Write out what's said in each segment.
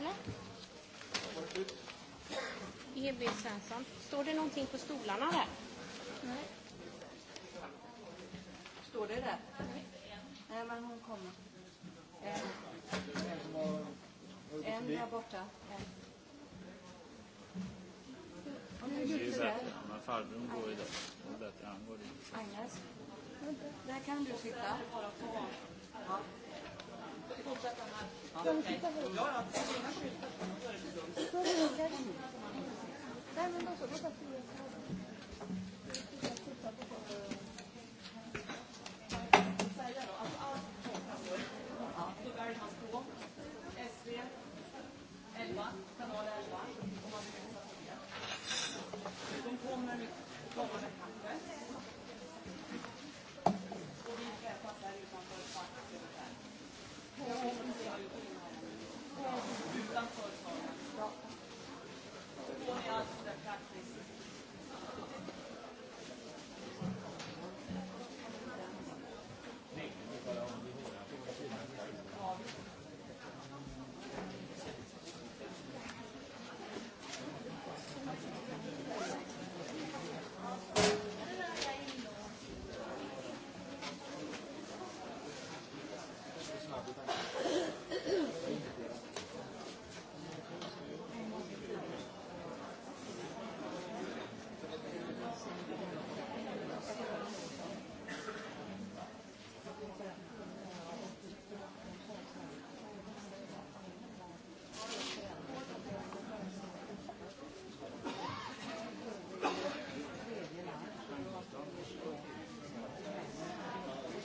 Eller? E.B. Svensson. Står det någonting på stolarna där? Nej. Står det där? Nej, men hon kommer. En, där borta. Det här Men farbrorn går ju där. Det är bättre. Han går dit. Agnes. Där kan du sitta. Ja. Fortsätt, Anna. Dai, non lo so, cosa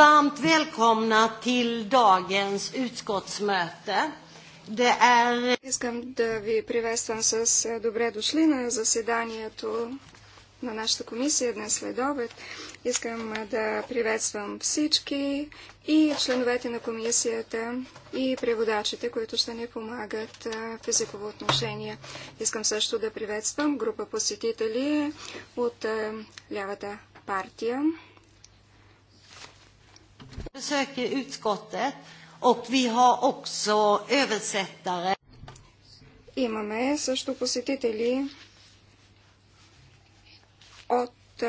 Varmt välkomna till dagens utskottsmöte. Det är... Искам да ви приветствам с е, добре дошли на заседанието на нашата комисия днес след обед. Искам е, да приветствам всички и членовете на комисията и преводачите, които ще ни помагат е, в езиково отношение. Искам също да приветствам група посетители от лявата партия. Besöker utskottet och vi har också översättare. Имаме също посетители от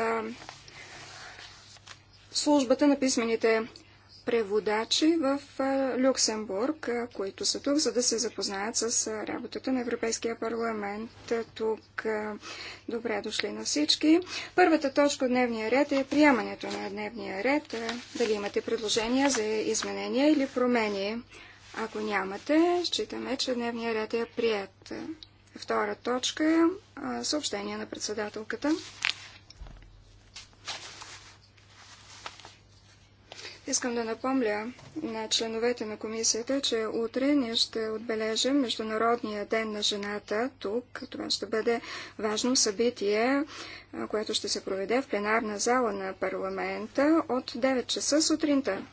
службата на писмените преводачи в Люксембург, които са тук, за да се запознаят с работата на Европейския парламент. Тук добре дошли на всички. Първата точка от дневния ред е приемането на дневния ред. Дали имате предложения за изменения или промени? Ако нямате, считаме, че дневния ред е прият. Втора точка е съобщение на председателката. Искам да напомня на членовете на комисията, че утре ние ще отбележим Международния ден на жената тук. Това ще бъде важно събитие, което ще се проведе в пленарна зала на парламента от 9 часа сутринта.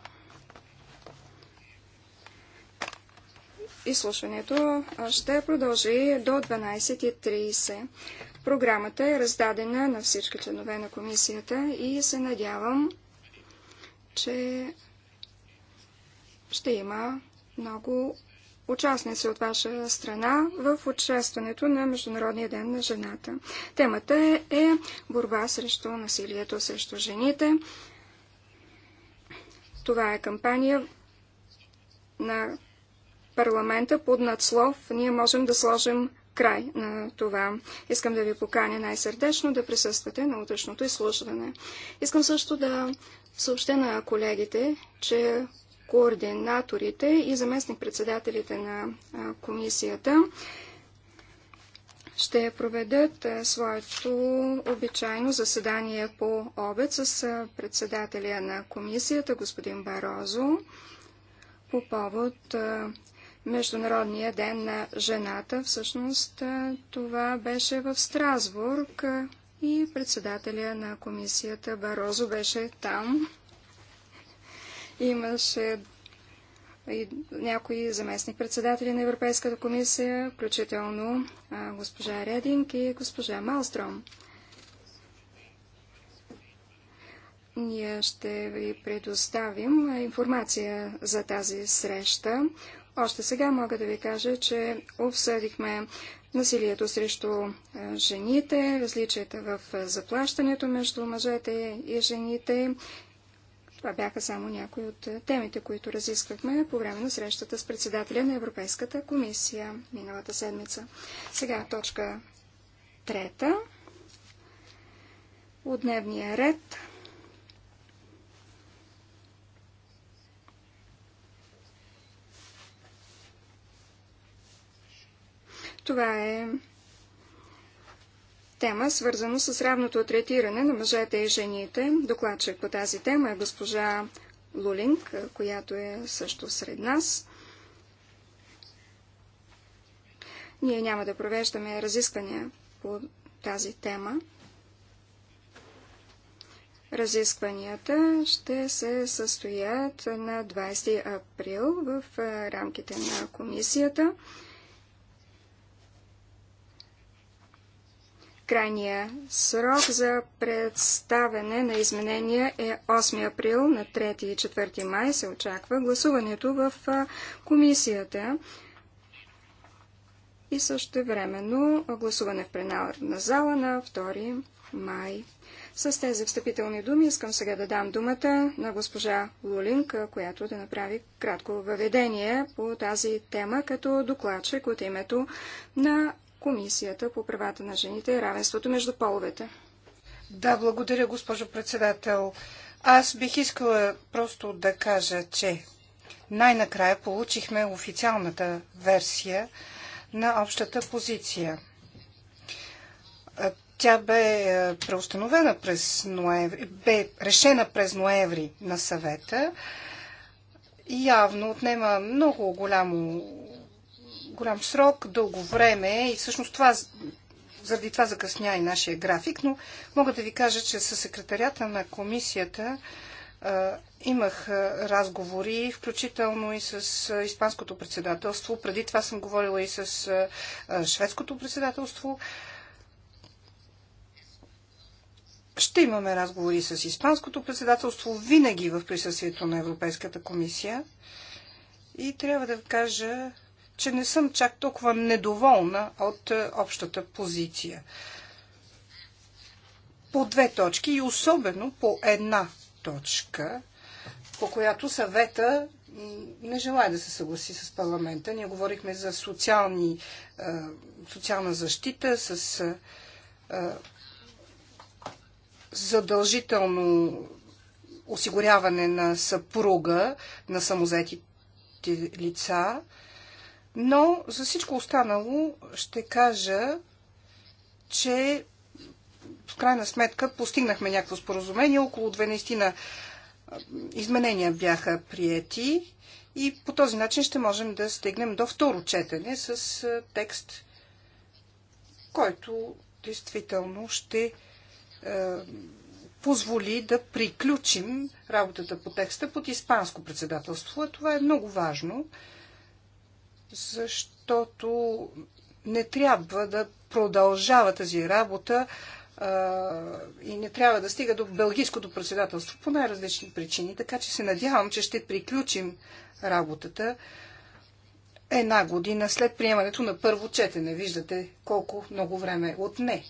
Изслушването ще продължи до 12.30. Програмата е раздадена на всички членове на комисията и се надявам че ще има много участници от ваша страна в участването на Международния ден на жената. Темата е борба срещу насилието срещу жените. Това е кампания на парламента под надслов. Ние можем да сложим край на това. Искам да ви поканя най-сърдечно да присъствате на утрешното изслушване. Искам също да съобщя на колегите, че координаторите и заместник-председателите на комисията ще проведат своето обичайно заседание по обед с председателя на комисията, господин Барозо, по повод Международния ден на жената. Всъщност това беше в Страсбург и председателя на комисията Барозо беше там. Имаше и някои заместник-председатели на Европейската комисия, включително госпожа Рединг и госпожа Малстром. Ние ще ви предоставим информация за тази среща. Още сега мога да ви кажа, че обсъдихме насилието срещу жените, различията в заплащането между мъжете и жените. Това бяха само някои от темите, които разисквахме по време на срещата с председателя на Европейската комисия миналата седмица. Сега точка трета от дневния ред – Това е тема, свързано с равното третиране на мъжете и жените. Докладчик по тази тема е госпожа Лулинг, която е също сред нас. Ние няма да провеждаме разисквания по тази тема. Разискванията ще се състоят на 20 април в рамките на комисията. Крайния срок за представене на изменения е 8 април на 3 и 4 май. Се очаква гласуването в комисията и също времено гласуване в пленарна зала на 2 май. С тези встъпителни думи искам сега да дам думата на госпожа Лулинг, която да направи кратко въведение по тази тема като докладчик от името на Комисията по правата на жените и равенството между половете. Да, благодаря, госпожо председател. Аз бих искала просто да кажа, че най-накрая получихме официалната версия на общата позиция. Тя бе е, преустановена през ноември, бе решена през ноември на съвета. Явно отнема много голямо голям срок, дълго време и всъщност това, заради това закъсня и нашия график, но мога да ви кажа, че със секретарята на комисията а, имах разговори, включително и с Испанското председателство. Преди това съм говорила и с а, Шведското председателство. Ще имаме разговори с Испанското председателство винаги в присъствието на Европейската комисия. И трябва да кажа, че не съм чак толкова недоволна от е, общата позиция. По две точки и особено по една точка, по която съвета не желая да се съгласи с парламента. Ние говорихме за социални, е, социална защита, с е, задължително осигуряване на съпруга на самозетите лица. Но за всичко останало ще кажа, че в крайна сметка постигнахме някакво споразумение. Около 12 на изменения бяха приети и по този начин ще можем да стигнем до второ четене с текст, който действително ще позволи да приключим работата по текста под испанско председателство. Това е много важно защото не трябва да продължава тази работа и не трябва да стига до Белгийското председателство по най-различни причини. Така че се надявам, че ще приключим работата една година след приемането на първо четене. Виждате колко много време е отне.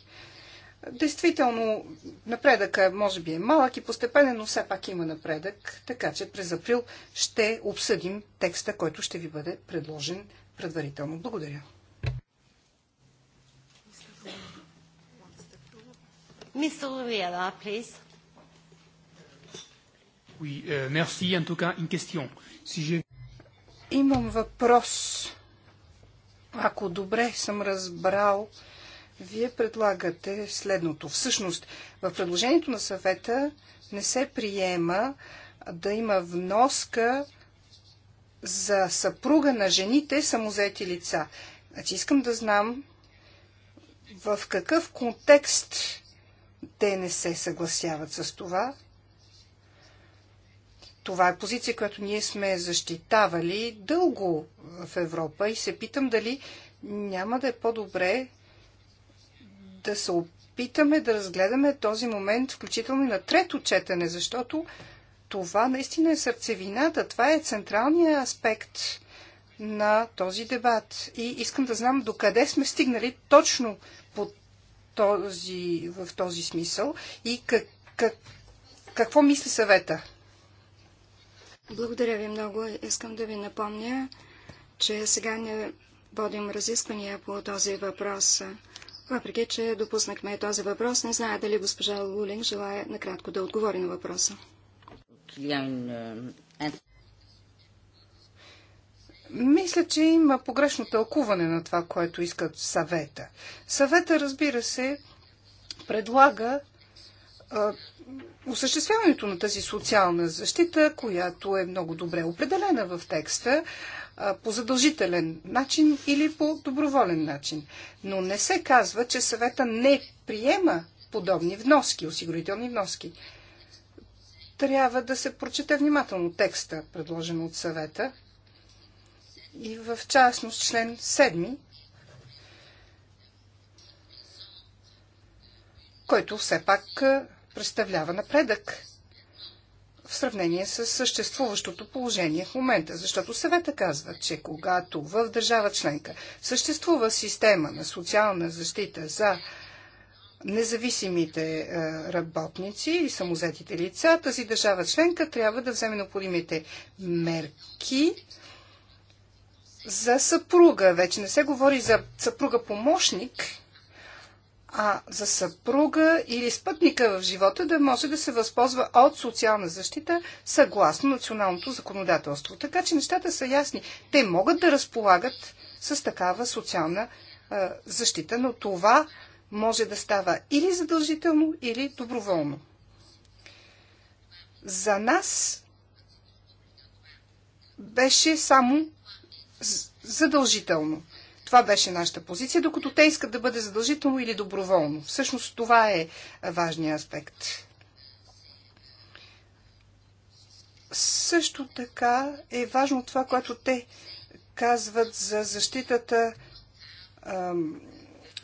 Действително, напредъка може би е малък и постепенен, но все пак има напредък, така че през април ще обсъдим текста, който ще ви бъде предложен предварително. Благодаря. Euh, Имам въпрос. Ако добре съм разбрал, вие предлагате следното. Всъщност, в предложението на съвета не се приема да има вноска за съпруга на жените самозети лица. Значи искам да знам в какъв контекст те не се съгласяват с това. Това е позиция, която ние сме защитавали дълго в Европа и се питам дали няма да е по-добре да се опитаме да разгледаме този момент, включително и на трето четене, защото това наистина е сърцевината, това е централният аспект на този дебат. И искам да знам докъде сме стигнали точно по този, в този смисъл и как, как, какво мисли съвета. Благодаря ви много. Искам да ви напомня, че сега не водим разисквания по този въпрос. Въпреки, че допуснахме този въпрос, не зная дали госпожа Лулинг желая накратко да отговори на въпроса. Е, е. Мисля, че има погрешно тълкуване на това, което искат съвета. Съвета, разбира се, предлага осъществяването на тази социална защита, която е много добре определена в текста, по задължителен начин или по доброволен начин. Но не се казва, че съвета не приема подобни вноски, осигурителни вноски. Трябва да се прочете внимателно текста, предложен от съвета, и в частност член 7, който все пак представлява напредък в сравнение с съществуващото положение в момента. Защото съвета казва, че когато в държава членка съществува система на социална защита за независимите е, работници и самозетите лица, тази държава членка трябва да вземе необходимите мерки за съпруга. Вече не се говори за съпруга помощник, а за съпруга или спътника в живота да може да се възползва от социална защита съгласно националното законодателство. Така че нещата са ясни. Те могат да разполагат с такава социална а, защита, но това може да става или задължително, или доброволно. За нас беше само задължително. Това беше нашата позиция, докато те искат да бъде задължително или доброволно. Всъщност това е важният аспект. Също така е важно това, което те казват за защитата ам,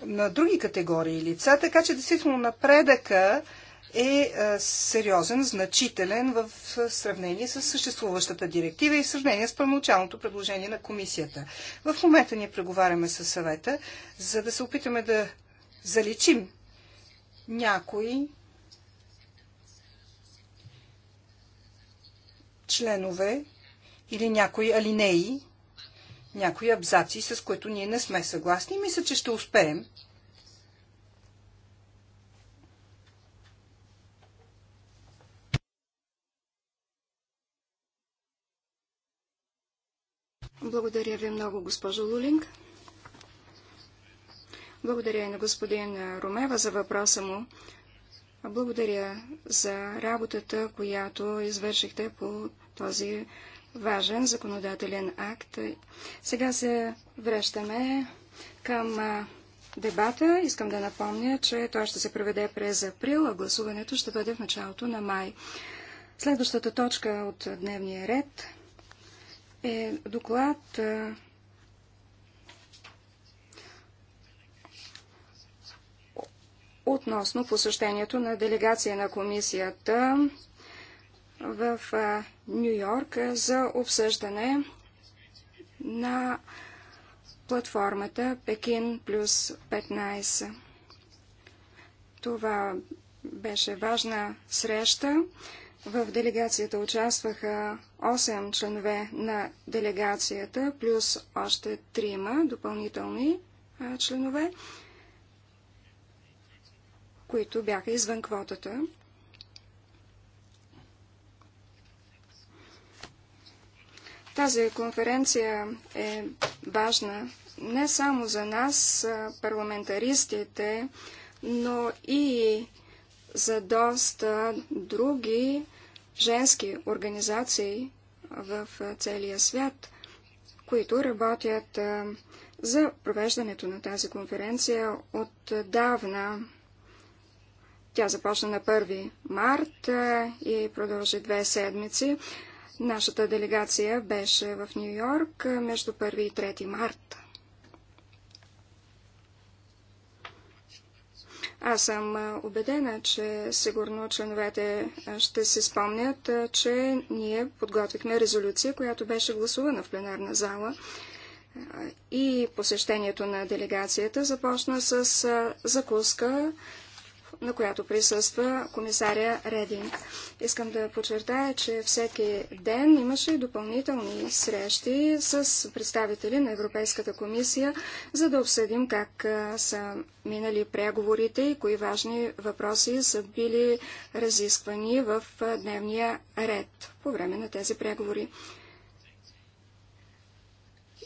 на други категории лица, така че действително напредъка е, е сериозен, значителен в е, сравнение с съществуващата директива и в сравнение с първоначалното предложение на комисията. В момента ние преговаряме със съвета, за да се опитаме да заличим някои членове или някои алинеи, някои абзаци, с които ние не сме съгласни. Мисля, че ще успеем Благодаря ви много, госпожо Лулинг. Благодаря и на господин Ромева за въпроса му. Благодаря за работата, която извършихте по този важен законодателен акт. Сега се връщаме към дебата. Искам да напомня, че той ще се проведе през април, а гласуването ще бъде в началото на май. Следващата точка от дневния ред е доклад е, относно посещението на делегация на комисията в е, Нью Йорк за обсъждане на платформата Пекин плюс 15. Това беше важна среща. В делегацията участваха 8 членове на делегацията, плюс още 3 допълнителни членове, които бяха извън квотата. Тази конференция е важна не само за нас, парламентаристите, но и за доста други женски организации в целия свят, които работят за провеждането на тази конференция отдавна. Тя започна на 1 март и продължи две седмици. Нашата делегация беше в Нью Йорк между 1 и 3 март. Аз съм убедена, че сигурно членовете ще се спомнят, че ние подготвихме резолюция, която беше гласувана в пленарна зала и посещението на делегацията започна с закуска на която присъства комисаря Рединг. Искам да подчертая, че всеки ден имаше допълнителни срещи с представители на Европейската комисия, за да обсъдим как са минали преговорите и кои важни въпроси са били разисквани в дневния ред по време на тези преговори.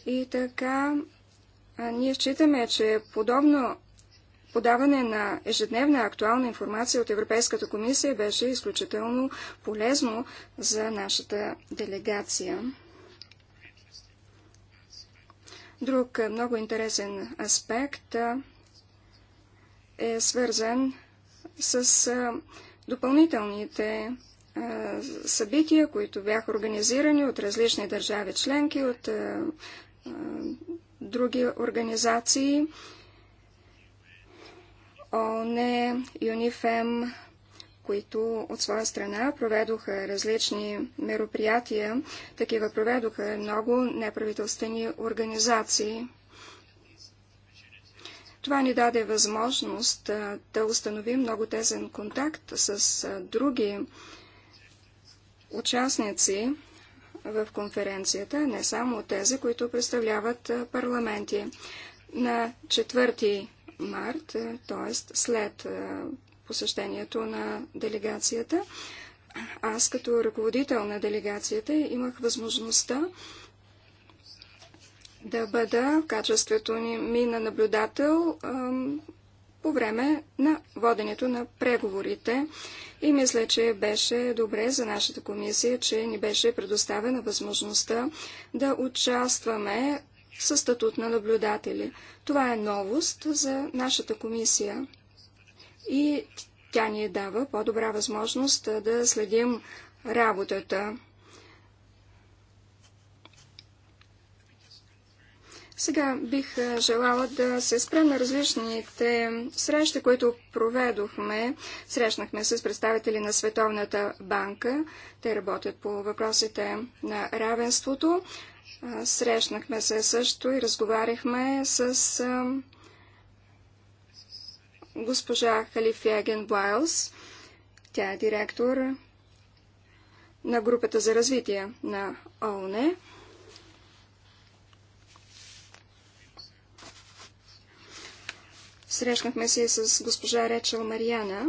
И така, ние считаме, че подобно подаване на ежедневна актуална информация от Европейската комисия беше изключително полезно за нашата делегация. Друг е, много интересен аспект е, е свързан с е, допълнителните събития, които бяха организирани от различни държави членки, от други организации. ООН, ЮНИФЕМ, които от своя страна проведоха различни мероприятия. Такива проведоха много неправителствени организации. Това ни даде възможност да установим много тезен контакт с други участници в конференцията, не само тези, които представляват парламенти. На 4 март, т.е. след е, посещението на делегацията. Аз като ръководител на делегацията имах възможността да бъда в качеството ми на наблюдател по време на воденето на преговорите. И мисля, че беше добре за нашата комисия, че ни беше предоставена възможността да участваме със статут на наблюдатели. Това е новост за нашата комисия и тя ни дава по-добра възможност да следим работата. Сега бих желала да се спра на различните срещи, които проведохме. Срещнахме с представители на Световната банка. Те работят по въпросите на равенството. Срещнахме се също и разговаряхме с госпожа Халифи Блайлс. Тя е директор на групата за развитие на ООН. Срещнахме се и с госпожа Речел Мариана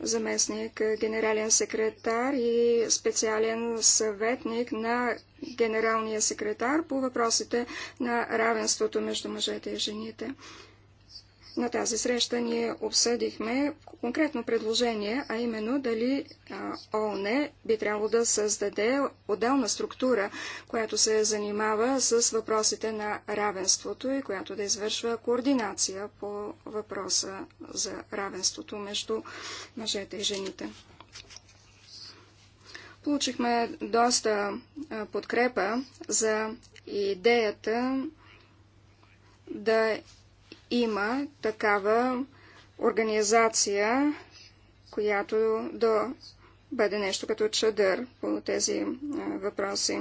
заместник е, генерален секретар и специален съветник на генералния секретар по въпросите на равенството между мъжете и жените. На тази среща ние обсъдихме конкретно предложение, а именно дали ООН би трябвало да създаде отделна структура, която се занимава с въпросите на равенството и която да извършва координация по въпроса за равенството между мъжете и жените. Получихме доста подкрепа за идеята да има такава организация, която да бъде нещо като чадър по тези въпроси.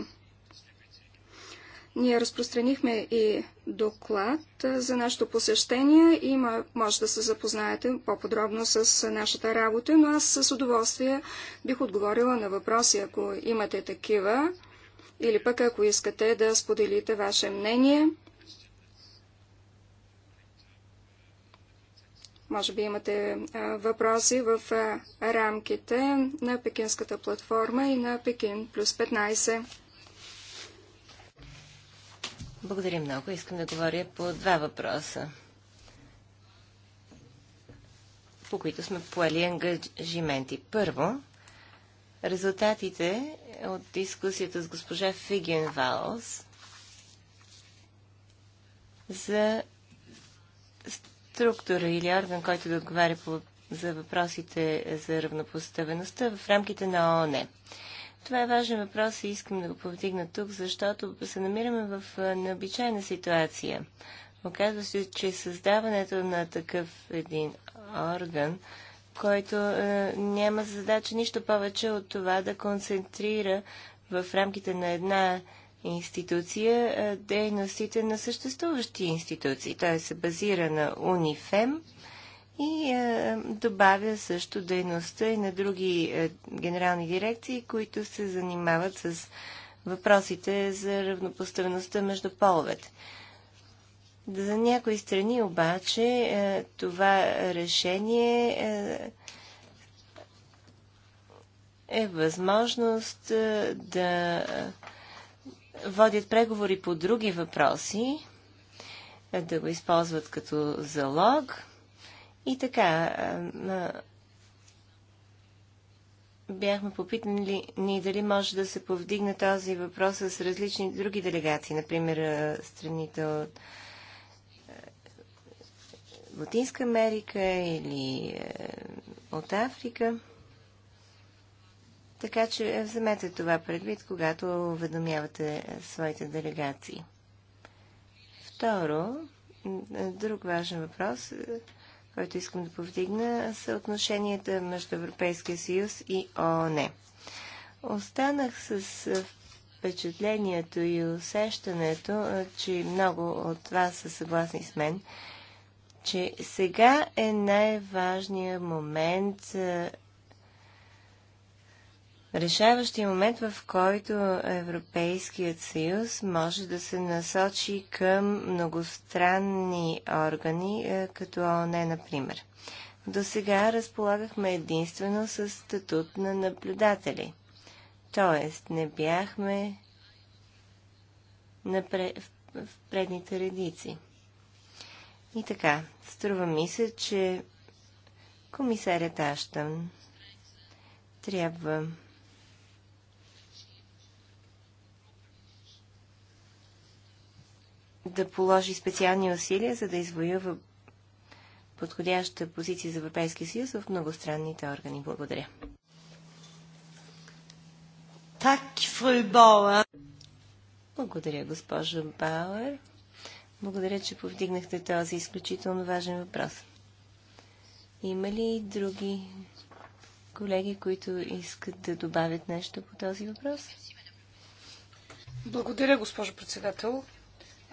Ние разпространихме и доклад за нашето посещение. Има, може да се запознаете по-подробно с нашата работа, но аз с удоволствие бих отговорила на въпроси, ако имате такива, или пък ако искате да споделите ваше мнение – Може би имате въпроси в рамките на Пекинската платформа и на Пекин плюс 15. Благодаря много. Искам да говоря по два въпроса, по които сме поели ангажименти. Първо, резултатите от дискусията с госпожа Фиген Валс за структура или орган, който да отговаря по, за въпросите за равнопоставеността в рамките на ООН. Това е важен въпрос и искам да го повдигна тук, защото се намираме в необичайна ситуация. Оказва се, че създаването на такъв един орган, който е, няма за задача нищо повече от това да концентрира в рамките на една институция дейностите на съществуващи институции. Той се базира на УНИФЕМ и добавя също дейността и на други генерални дирекции, които се занимават с въпросите за равнопоставеността между половете. За някои страни обаче това решение е възможност да водят преговори по други въпроси, е, да го използват като залог. И така, е, бяхме попитали ни дали може да се повдигне този въпрос с различни други делегации, например е, страните от Латинска Америка или от Африка. Така че е, вземете това предвид, когато уведомявате е, своите делегации. Второ, е, друг важен въпрос, който искам да повдигна, са отношенията между Европейския съюз и ООН. Останах с впечатлението и усещането, че много от вас са съгласни с мен, че сега е най-важният момент решаващия момент, в който Европейският съюз може да се насочи към многостранни органи, е, като ООН, например. До сега разполагахме единствено с статут на наблюдатели. Тоест, не бяхме напре... в предните редици. И така, струва ми се, че комисарят Аштън трябва да положи специални усилия, за да извоюва подходяща позиция за Европейския съюз в многостранните органи. Благодаря. Так, Бауер. Благодаря, госпожо Бауер. Благодаря, че повдигнахте този изключително важен въпрос. Има ли други колеги, които искат да добавят нещо по този въпрос? Благодаря, госпожо председател.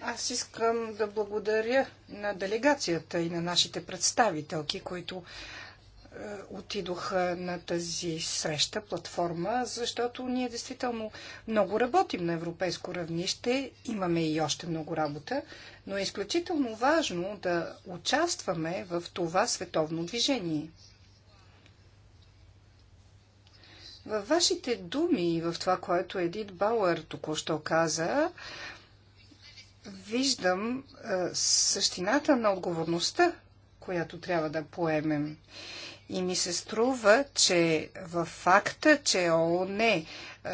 Аз искам да благодаря на делегацията и на нашите представителки, които е, отидоха на тази среща, платформа, защото ние действително много работим на европейско равнище, имаме и още много работа, но е изключително важно да участваме в това световно движение. Във вашите думи и в това, което Едит Бауър току-що каза, виждам е, същината на отговорността, която трябва да поемем. И ми се струва, че в факта, че ООН е,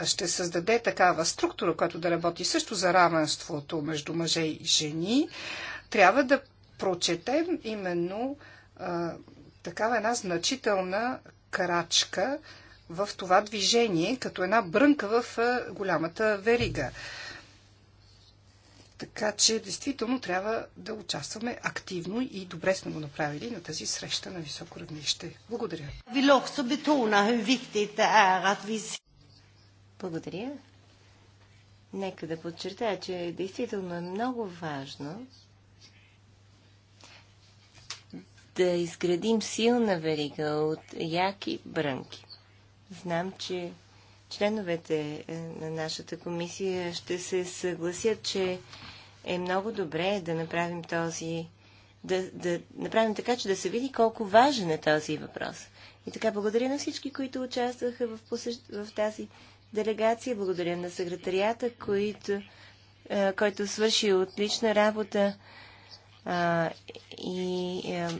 ще създаде такава структура, която да работи също за равенството между мъже и жени, трябва да прочетем именно а, е, такава една значителна крачка в това движение, като една брънка в а, голямата верига. Така че, действително, трябва да участваме активно и добре сме го направили на тази среща на високо равнище. Благодаря. Благодаря. Нека да подчертая, че действително е много важно да изградим силна верига от яки брънки. Знам, че членовете е, на нашата комисия ще се съгласят, че е много добре да направим този. Да, да направим така, че да се види колко важен е този въпрос. И така, благодаря на всички, които участваха в, посещ... в тази делегация. Благодаря на секретарията, които, а, е, който свърши отлична работа а, и а,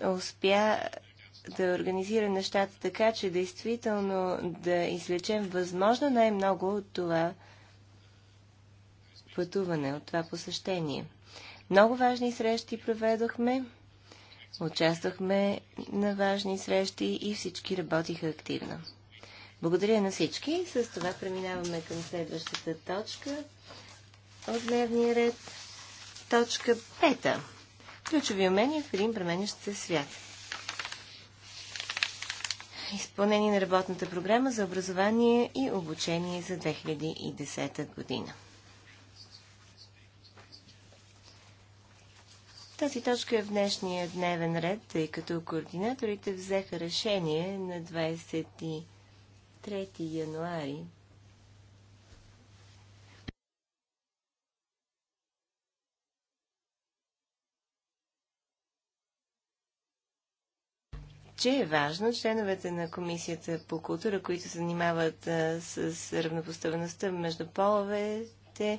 е, успя да организира нещата така, че действително да излечем възможно най-много от това пътуване, от това посещение. Много важни срещи проведохме, участвахме на важни срещи и всички работиха активно. Благодаря на всички. С това преминаваме към следващата точка от дневния ред. Точка 5. Ключови умения в един променящ се свят изпълнение на работната програма за образование и обучение за 2010 година. Тази точка е в днешния дневен ред, тъй като координаторите взеха решение на 23 януари че е важно членовете на Комисията по култура, които се занимават а, с, равнопоставеността между половете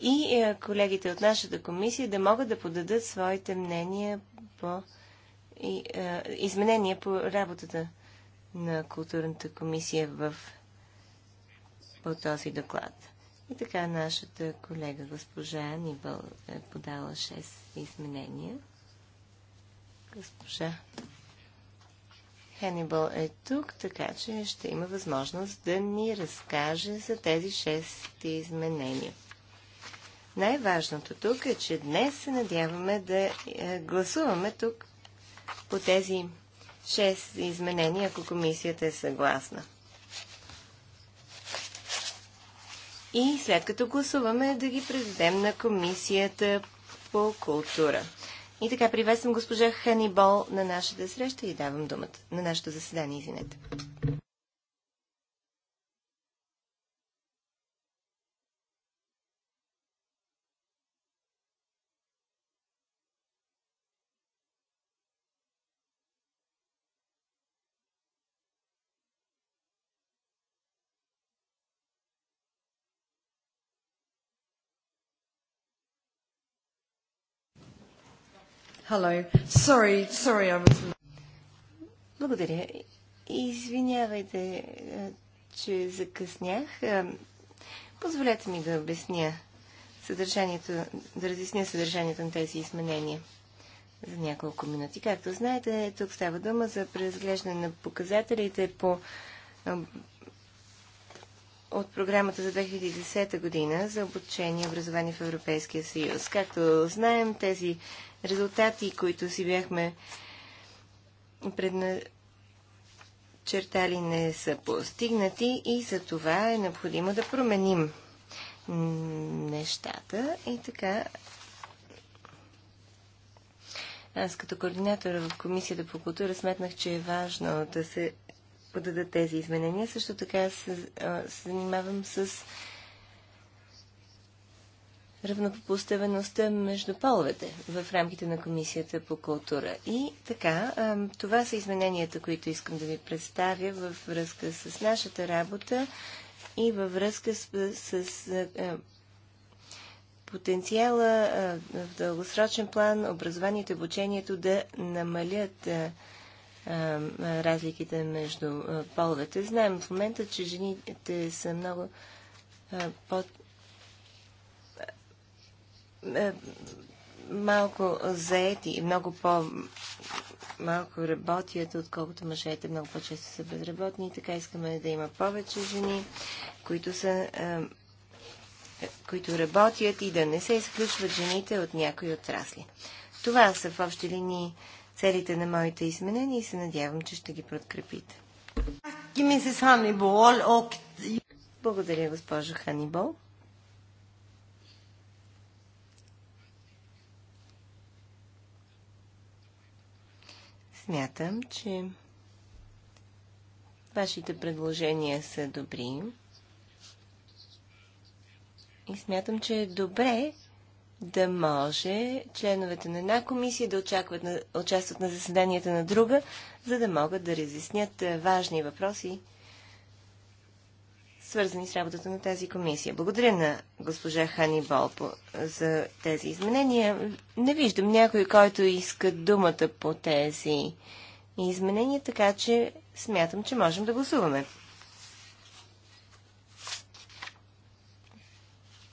и а, колегите от нашата комисия да могат да подадат своите мнения по и, а, изменения по работата на културната комисия в, по този доклад. И така нашата колега госпожа Нибъл е подала 6 изменения. Госпожа Хенибал е тук, така че ще има възможност да ни разкаже за тези 6 изменения. Най-важното тук е, че днес се надяваме да е, гласуваме тук по тези шест изменения, ако комисията е съгласна. И след като гласуваме да ги предадем на комисията по култура. И така, приветствам госпожа Ханибол на нашата среща и давам думата на нашето заседание, извинете. Hello. Sorry, sorry, I was... Благодаря. Извинявайте, е, че закъснях. Е, позволете ми да обясня съдържанието, да разясня съдържанието на тези изменения за няколко минути. Както знаете, тук става дума за преразглеждане на показателите по е, от програмата за 2010 година за обучение и образование в Европейския съюз. Както знаем, тези резултати, които си бяхме предначертали, не са постигнати и за това е необходимо да променим нещата и така аз като координатор в Комисията по култура сметнах, че е важно да се подадат тези изменения. Също така се, се занимавам с равнопоставеността между половете в рамките на Комисията по култура. И така, това са измененията, които искам да ви представя във връзка с нашата работа и във връзка с, с, с потенциала в дългосрочен план образованието и обучението да намалят разликите между половете. Знаем в момента, че жените са много под е, малко заети и много по малко работят, отколкото мъжете много по-често са безработни. Така искаме да има повече жени, които са е, които работят и да не се изключват жените от някои отрасли. Това са в общи линии целите на моите изменения и се надявам, че ще ги подкрепите. Благодаря, госпожо Ханибол. Смятам, че вашите предложения са добри. И смятам, че е добре да може членовете на една комисия да очакват на, участват на заседанията на друга, за да могат да разяснят е, важни въпроси свързани с работата на тази комисия. Благодаря на госпожа Хани Болпо за тези изменения. Не виждам някой, който иска думата по тези изменения, така че смятам, че можем да гласуваме.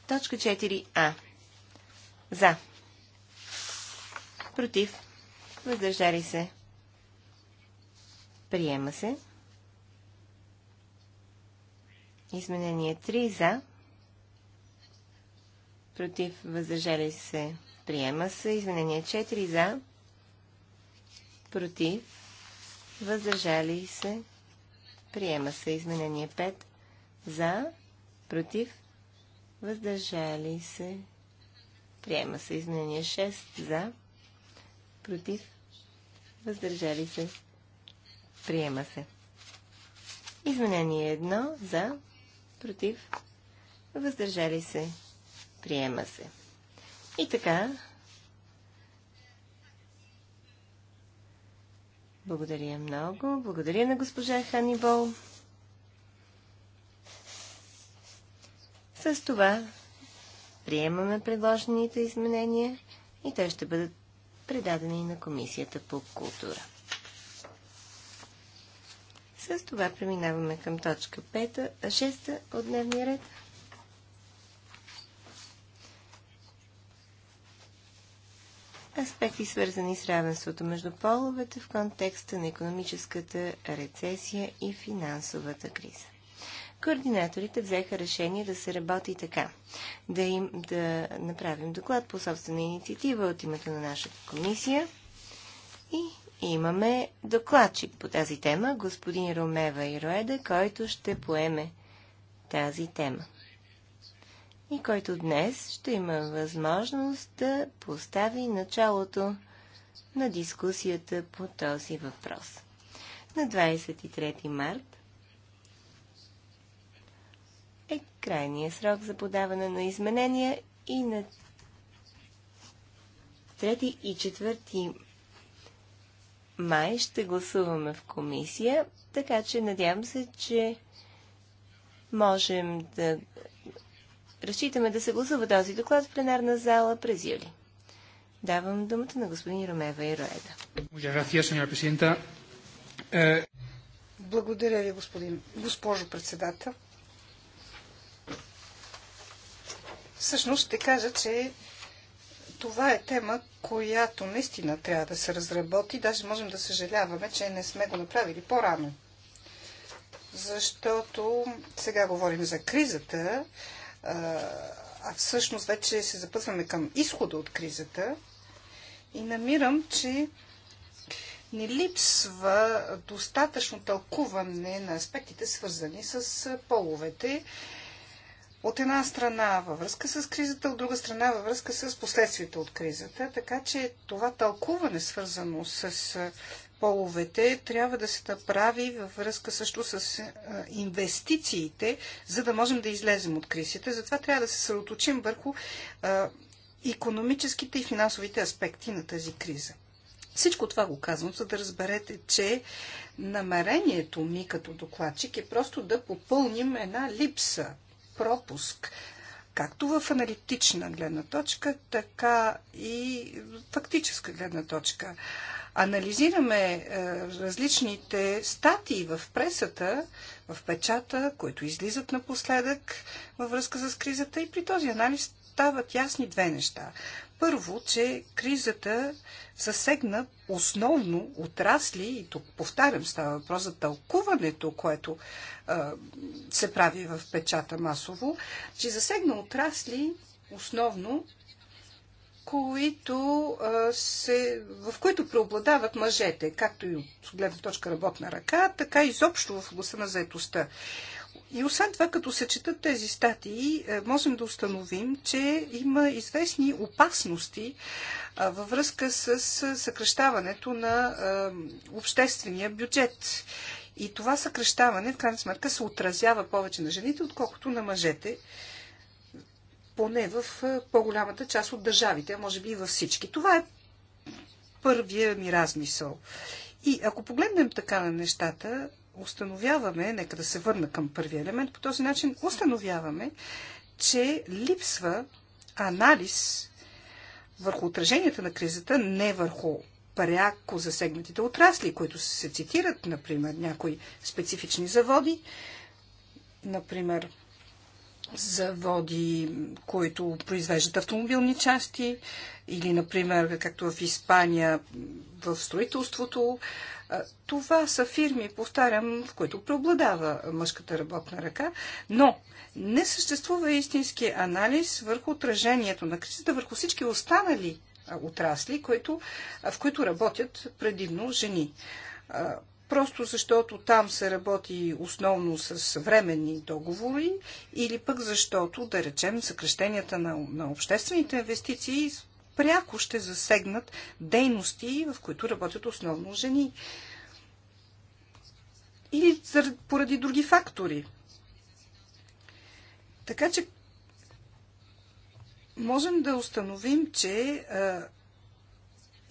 Точка 4а. За. Против. Въздържали се. Приема се. Изменение 3 за. Против въздържали се. Приема се. Изменение 4 за. Против въздържали се. Приема се. Изменение 5 за. Против въздържали се. Приема се. Изменение 6 за. Против въздържали се. Приема се. Изменение 1 за против, въздържали се, приема се. И така, благодаря много, благодаря на госпожа Ханибол. С това приемаме предложените изменения и те ще бъдат предадени на Комисията по култура. С това преминаваме към точка 5, 6 от дневния ред. Аспекти свързани с равенството между половете в контекста на економическата рецесия и финансовата криза. Координаторите взеха решение да се работи така. Да, им, да направим доклад по собствена инициатива от името на нашата комисия и имаме докладчик по тази тема, господин Ромева Ироеда, който ще поеме тази тема и който днес ще има възможност да постави началото на дискусията по този въпрос. На 23 март е крайният срок за подаване на изменения и на 3 и 4 май ще гласуваме в комисия, така че надявам се, че можем да разчитаме да се гласува този доклад в пленарна зала през юли. Давам думата на господин Ромева и Роеда. Е, благодаря ви, господин, госпожо председател. Всъщност ще кажа, че това е тема, която наистина трябва да се разработи. Даже можем да съжаляваме, че не сме го направили по-рано. Защото сега говорим за кризата, а всъщност вече се запътваме към изхода от кризата и намирам, че ни липсва достатъчно тълкуване на аспектите, свързани с половете от една страна във връзка с кризата, от друга страна във връзка с последствията от кризата. Така че това тълкуване, свързано с половете, трябва да се направи във връзка също с инвестициите, за да можем да излезем от кризите. Затова трябва да се съсредоточим върху економическите и финансовите аспекти на тази криза. Всичко това го казвам, за да разберете, че намерението ми като докладчик е просто да попълним една липса пропуск, както в аналитична гледна точка, така и фактическа гледна точка. Анализираме е, различните статии в пресата, в печата, които излизат напоследък във връзка с кризата и при този анализ стават ясни две неща. Първо, че кризата засегна основно отрасли, и тук повтарям, става въпрос за тълкуването, което а, се прави в печата масово, че засегна отрасли основно, които, а, се, в които преобладават мъжете, както и от гледна точка работна ръка, така и изобщо в областта на заетостта. И освен това, като се четат тези статии, е, можем да установим, че има известни опасности е, във връзка с съкръщаването на е, обществения бюджет. И това съкръщаване, в крайна сметка, се отразява повече на жените, отколкото на мъжете, поне в по-голямата част от държавите, а може би и във всички. Това е първия ми размисъл. И ако погледнем така на нещата, установяваме, нека да се върна към първия елемент, по този начин установяваме, че липсва анализ върху отраженията на кризата, не върху пряко засегнатите отрасли, които се цитират, например, някои специфични заводи, например, заводи, които произвеждат автомобилни части или, например, както в Испания, в строителството. Това са фирми, повтарям, в които преобладава мъжката работна ръка, но не съществува истински анализ върху отражението на кризата върху всички останали отрасли, в които работят предимно жени просто защото там се работи основно с временни договори или пък защото, да речем, съкрещенията на, на обществените инвестиции пряко ще засегнат дейности, в които работят основно жени. Или поради други фактори. Така че можем да установим, че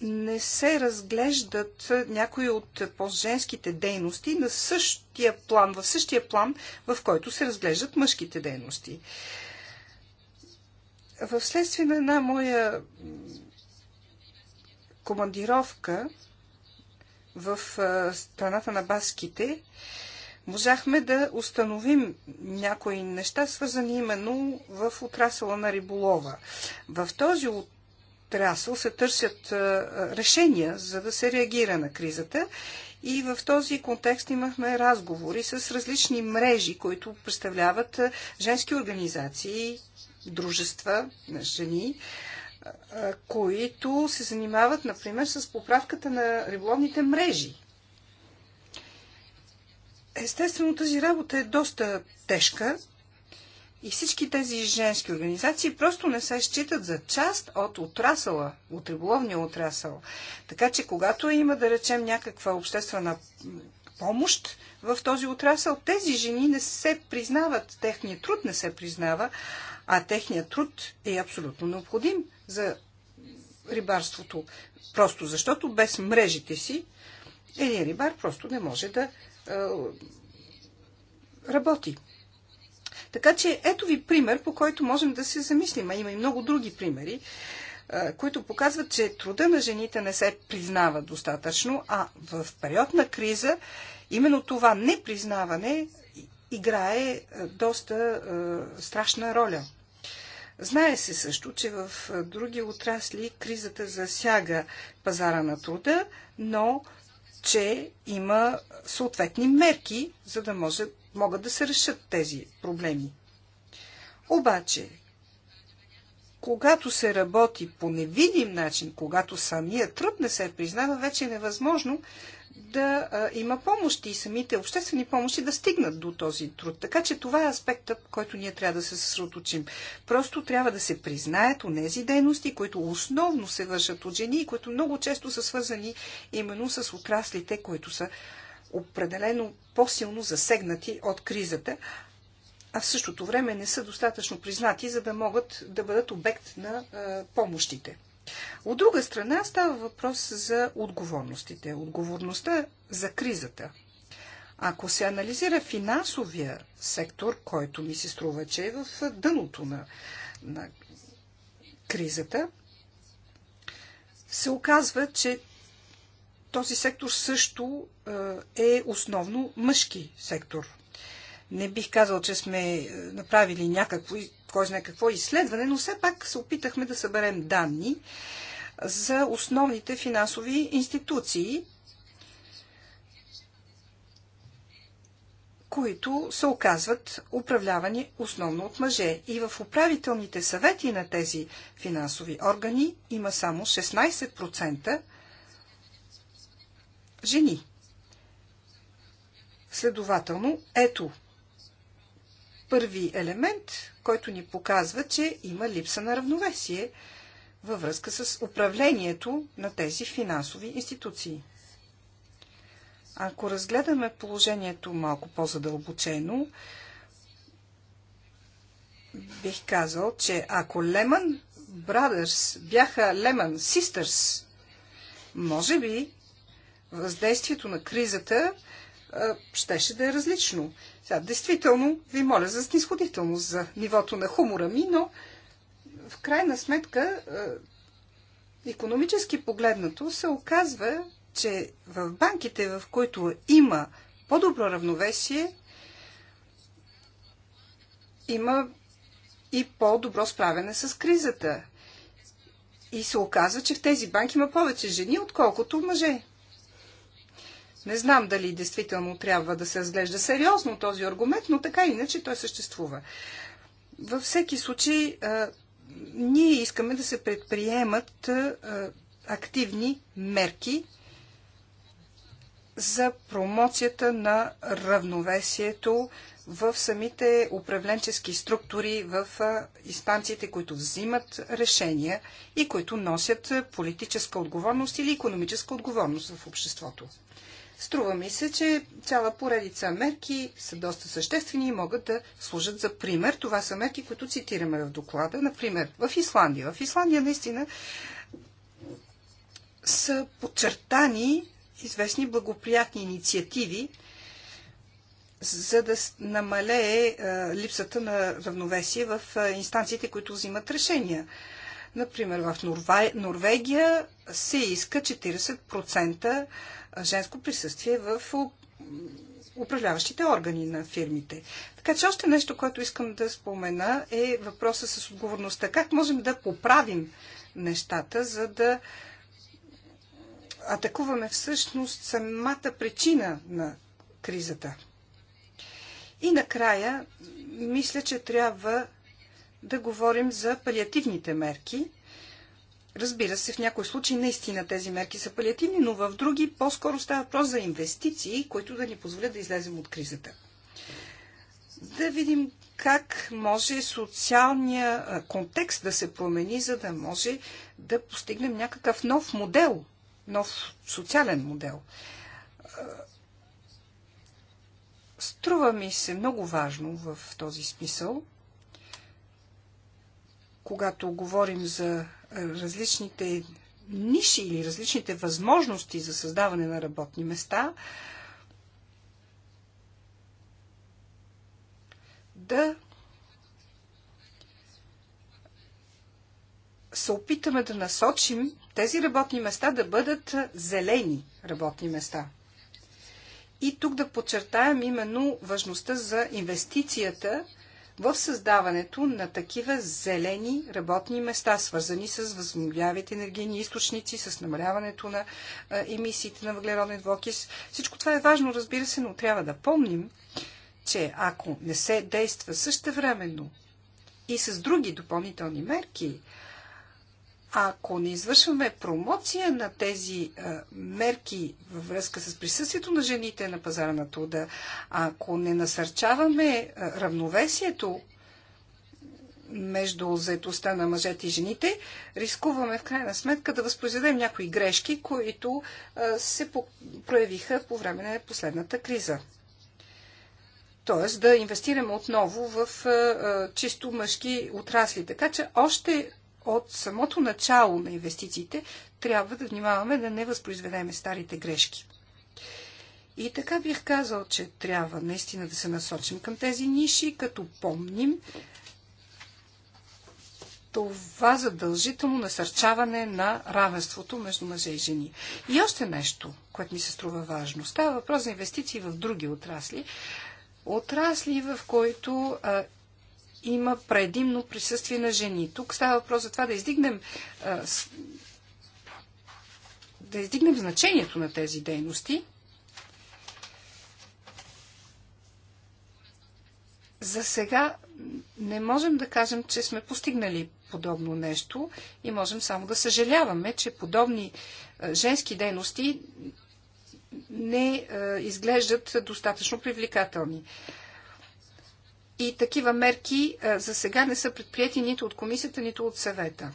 не се разглеждат някои от по-женските дейности на същия план, в същия план, в който се разглеждат мъжките дейности. В следствие на една моя командировка в страната на баските, можахме да установим някои неща, свързани именно в отрасъла на риболова. В този от отрасъл се търсят решения, за да се реагира на кризата. И в този контекст имахме разговори с различни мрежи, които представляват женски организации, дружества на жени, които се занимават, например, с поправката на риболовните мрежи. Естествено, тази работа е доста тежка, и всички тези женски организации просто не се считат за част от отрасъла, от риболовния отрасъл. Така че когато има, да речем, някаква обществена помощ в този отрасъл, тези жени не се признават, техният труд не се признава, а техният труд е абсолютно необходим за рибарството. Просто защото без мрежите си един рибар просто не може да е, работи. Така че ето ви пример, по който можем да се замислим. А има и много други примери, които показват, че труда на жените не се признава достатъчно, а в период на криза именно това непризнаване играе доста страшна роля. Знае се също, че в други отрасли кризата засяга пазара на труда, но че има съответни мерки, за да може могат да се решат тези проблеми. Обаче, когато се работи по невидим начин, когато самия труд не се признава, вече е невъзможно да а, има помощи и самите обществени помощи да стигнат до този труд. Така че това е аспектът, който ние трябва да се съсредоточим. Просто трябва да се признаят онези дейности, които основно се вършат от жени и които много често са свързани именно с отраслите, които са определено по-силно засегнати от кризата, а в същото време не са достатъчно признати, за да могат да бъдат обект на помощите. От друга страна става въпрос за отговорностите. Отговорността за кризата. Ако се анализира финансовия сектор, който ми се струва, че е в дъното на, на кризата, се оказва, че този сектор също е основно мъжки сектор. Не бих казал, че сме направили някакво, кой знае какво изследване, но все пак се опитахме да съберем данни за основните финансови институции, които се оказват управлявани основно от мъже. И в управителните съвети на тези финансови органи има само 16% жени. Следователно, ето първи елемент, който ни показва, че има липса на равновесие във връзка с управлението на тези финансови институции. Ако разгледаме положението малко по-задълбочено, бих казал, че ако Леман Brothers бяха Леман Sisters, може би въздействието на кризата щеше да е различно. Сега, действително, ви моля за снисходителност за нивото на хумора ми, но в крайна сметка, економически погледнато, се оказва, че в банките, в които има по-добро равновесие, има и по-добро справяне с кризата. И се оказва, че в тези банки има повече жени, отколкото мъже. Не знам дали действително трябва да се разглежда сериозно този аргумент, но така иначе той съществува. Във всеки случай, ние искаме да се предприемат активни мерки за промоцията на равновесието в самите управленчески структури, в инстанциите, които взимат решения и които носят политическа отговорност или економическа отговорност в обществото. Струва ми се, че цяла поредица мерки са доста съществени и могат да служат за пример. Това са мерки, които цитираме в доклада. Например, в Исландия. В Исландия наистина са подчертани известни благоприятни инициативи, за да намалее липсата на равновесие в инстанциите, които взимат решения. Например, в Норвегия се иска 40% женско присъствие в управляващите органи на фирмите. Така че още нещо, което искам да спомена е въпроса с отговорността. Как можем да поправим нещата, за да атакуваме всъщност самата причина на кризата. И накрая, мисля, че трябва да говорим за палиативните мерки. Разбира се, в някои случаи наистина тези мерки са палиативни, но в други по-скоро става въпрос за инвестиции, които да ни позволят да излезем от кризата. Да видим как може социалния контекст да се промени, за да може да постигнем някакъв нов модел, нов социален модел. Струва ми се много важно в този смисъл – когато говорим за е, различните ниши или различните възможности за създаване на работни места, да се опитаме да насочим тези работни места да бъдат е, зелени работни места. И тук да подчертаем именно важността за инвестицията – в създаването на такива зелени работни места, свързани с възобновявите енергийни източници, с намаляването на емисиите на въглероден двокис. Всичко това е важно, разбира се, но трябва да помним, че ако не се действа същевременно и с други допълнителни мерки, ако не извършваме промоция на тези а, мерки във връзка с присъствието на жените на пазара на труда, ако не насърчаваме а, равновесието между заетостта на мъжете и жените, рискуваме в крайна сметка да възпроизведем някои грешки, които а, се по проявиха по време на последната криза. Тоест да инвестираме отново в а, чисто мъжки отрасли. Така че още от самото начало на инвестициите трябва да внимаваме да не възпроизведеме старите грешки. И така бих казал, че трябва наистина да се насочим към тези ниши, като помним това задължително насърчаване на равенството между мъже и жени. И още нещо, което ми се струва важно. Става въпрос за инвестиции в други отрасли. Отрасли, в които а, има предимно присъствие на жени. Тук става въпрос за това да издигнем да издигнем значението на тези дейности, За сега не можем да кажем, че сме постигнали подобно нещо и можем само да съжаляваме, че подобни женски дейности не изглеждат достатъчно привлекателни. И такива мерки за сега не са предприяти нито от комисията, нито от съвета.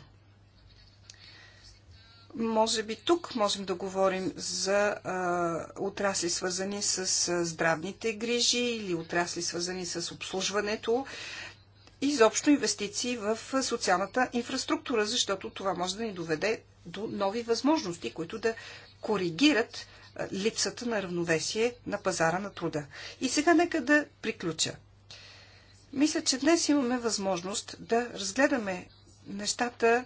Може би тук можем да говорим за а, отрасли, свързани с а, здравните грижи или отрасли, свързани с обслужването. Изобщо инвестиции в социалната инфраструктура, защото това може да ни доведе до нови възможности, които да коригират липсата на равновесие на пазара на труда. И сега нека да приключа. Мисля, че днес имаме възможност да разгледаме нещата,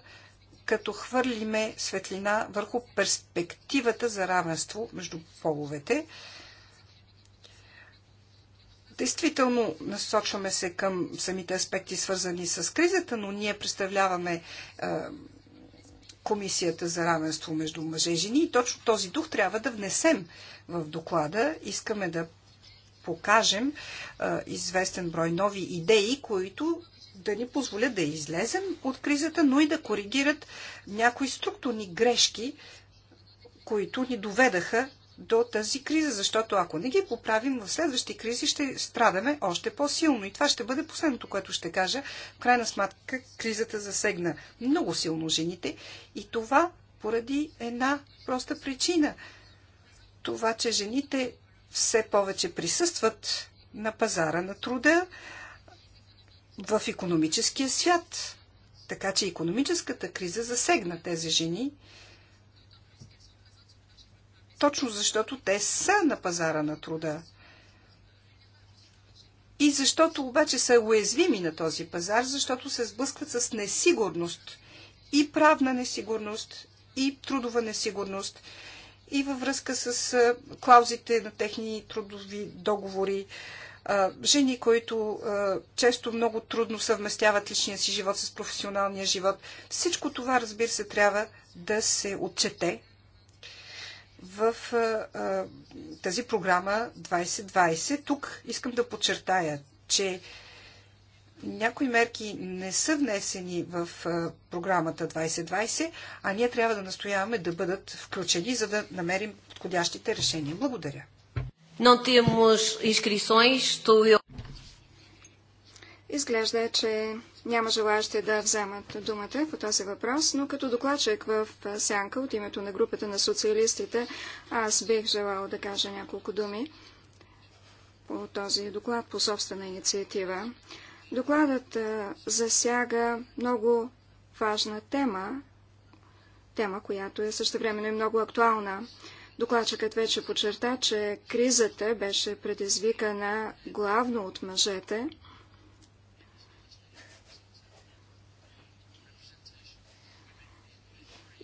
като хвърлиме светлина върху перспективата за равенство между половете. Действително насочваме се към самите аспекти, свързани с кризата, но ние представляваме е, Комисията за равенство между мъже и жени. И точно този дух трябва да внесем в доклада. Искаме да покажем а, известен брой нови идеи, които да ни позволят да излезем от кризата, но и да коригират някои структурни грешки, които ни доведаха до тази криза, защото ако не ги поправим в следващи кризи, ще страдаме още по-силно. И това ще бъде последното, което ще кажа. В крайна сметка, кризата засегна много силно жените и това поради една проста причина. Това, че жените все повече присъстват на пазара на труда в економическия свят. Така че економическата криза засегна тези жени, точно защото те са на пазара на труда. И защото обаче са уязвими на този пазар, защото се сблъскват с несигурност. И правна несигурност, и трудова несигурност и във връзка с клаузите на техни трудови договори. Жени, които често много трудно съвместяват личния си живот с професионалния живот. Всичко това, разбира се, трябва да се отчете в тази програма 2020. Тук искам да подчертая, че някои мерки не са внесени в програмата 2020, а ние трябва да настояваме да бъдат включени, за да намерим подходящите решения. Благодаря. Но temos inscrições, estou eu. Изглежда, че няма желаящи да вземат думата по този въпрос, но като докладчик в сянка от името на групата на социалистите, аз бих желал да кажа няколко думи по този доклад по собствена инициатива. Докладът засяга много важна тема, тема, която е същевременно и много актуална. Докладчикът вече подчерта, че кризата беше предизвикана главно от мъжете.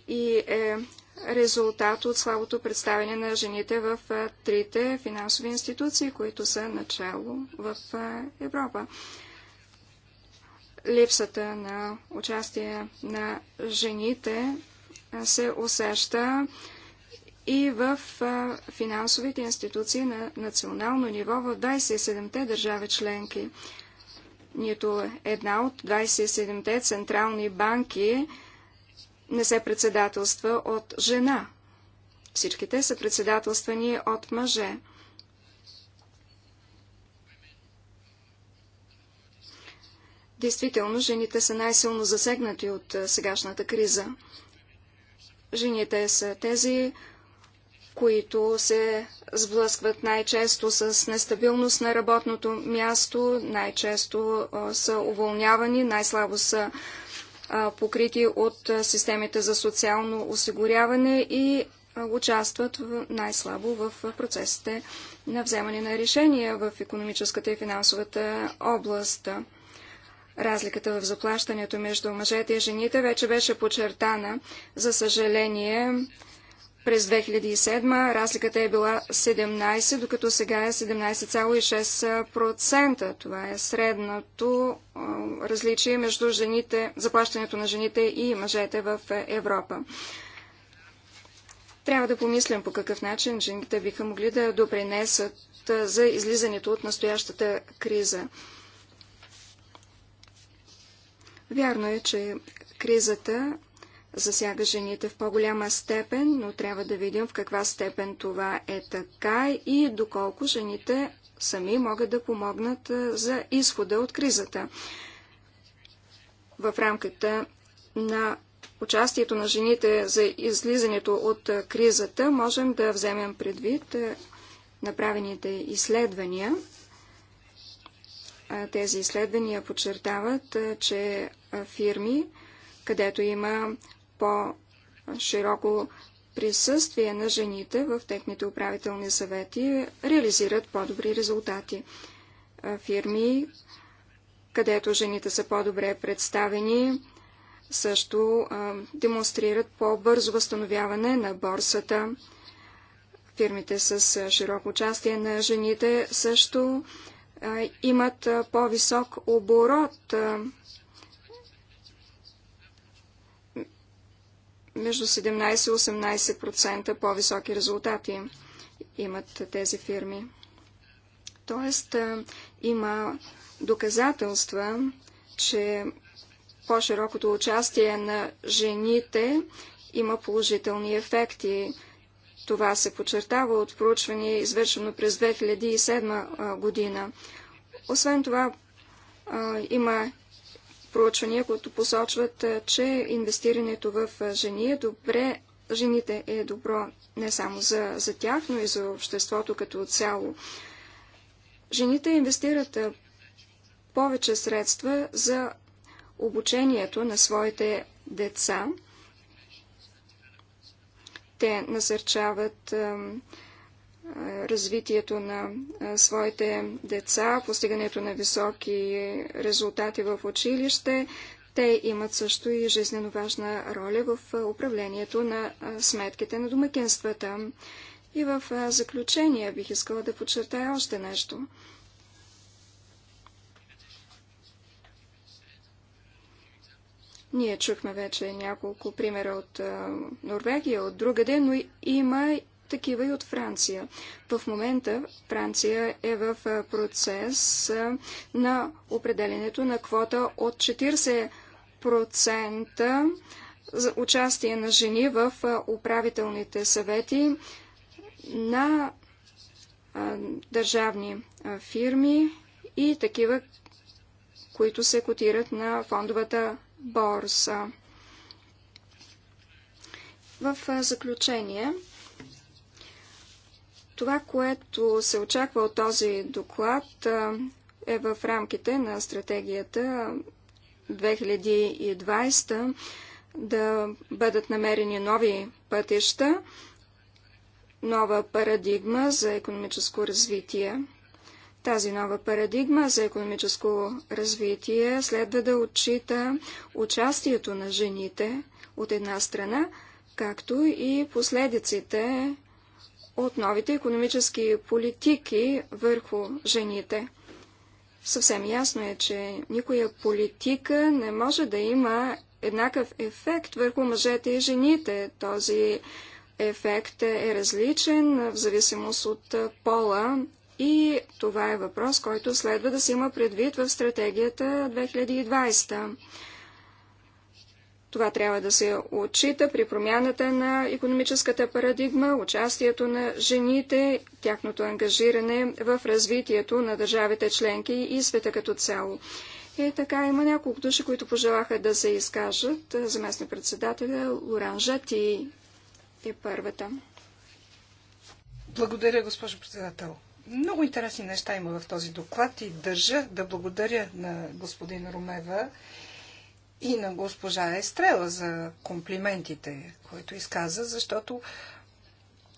И е резултат от слабото представяне на жените в трите финансови институции, които са начало в Европа липсата на участие на жените се усеща и в финансовите институции на национално ниво в 27-те държави членки. Нито една от 27-те централни банки не се председателства от жена. Всичките са председателствани от мъже. Действително, жените са най-силно засегнати от сегашната криза. Жените са тези, които се сблъскват най-често с нестабилност на работното място, най-често са уволнявани, най-слабо са покрити от системите за социално осигуряване и участват най-слабо в процесите на вземане на решения в економическата и финансовата област. Разликата в заплащането между мъжете и жените вече беше подчертана. За съжаление, през 2007 разликата е била 17, докато сега е 17,6%. Това е средното различие между жените, заплащането на жените и мъжете в Европа. Трябва да помислям по какъв начин жените биха могли да допринесат за излизането от настоящата криза. Вярно е, че кризата засяга жените в по-голяма степен, но трябва да видим в каква степен това е така и доколко жените сами могат да помогнат за изхода от кризата. В рамката на участието на жените за излизането от кризата можем да вземем предвид направените изследвания – тези изследвания подчертават, че фирми, където има по-широко присъствие на жените в техните управителни съвети, реализират по-добри резултати. Фирми, където жените са по-добре представени, също демонстрират по-бързо възстановяване на борсата. Фирмите с широко участие на жените също имат по-висок оборот. Между 17-18% по-високи резултати имат тези фирми. Тоест, има доказателства, че по-широкото участие на жените има положителни ефекти това се подчертава от проучване, извършено през 2007 година. Освен това, има проучвания, които посочват, че инвестирането в жени е добре, жените е добро не само за, за тях, но и за обществото като цяло. Жените инвестират повече средства за обучението на своите деца – те насърчават развитието на своите деца, постигането на високи резултати в училище. Те имат също и жизненно важна роля в управлението на сметките на домакинствата. И в заключение бих искала да подчертая още нещо – Ние чухме вече няколко примера от Норвегия, от другаде, но има такива и от Франция. В момента Франция е в процес на определенето на квота от 40% за участие на жени в управителните съвети на държавни фирми и такива, които се котират на фондовата борса. В заключение, това, което се очаква от този доклад е в рамките на стратегията 2020 да бъдат намерени нови пътища, нова парадигма за економическо развитие. Тази нова парадигма за економическо развитие следва да отчита участието на жените от една страна, както и последиците от новите економически политики върху жените. Съвсем ясно е, че никоя политика не може да има еднакъв ефект върху мъжете и жените. Този ефект е различен в зависимост от пола и това е въпрос, който следва да се има предвид в стратегията 2020. Това трябва да се отчита при промяната на економическата парадигма, участието на жените, тяхното ангажиране в развитието на държавите членки и света като цяло. И така, има няколко души, които пожелаха да се изкажат. Заместник председателя Лоран Жати е първата. Благодаря, госпожо председател. Много интересни неща има в този доклад и държа да благодаря на господин Ромева и на госпожа Естрела за комплиментите, които изказа, защото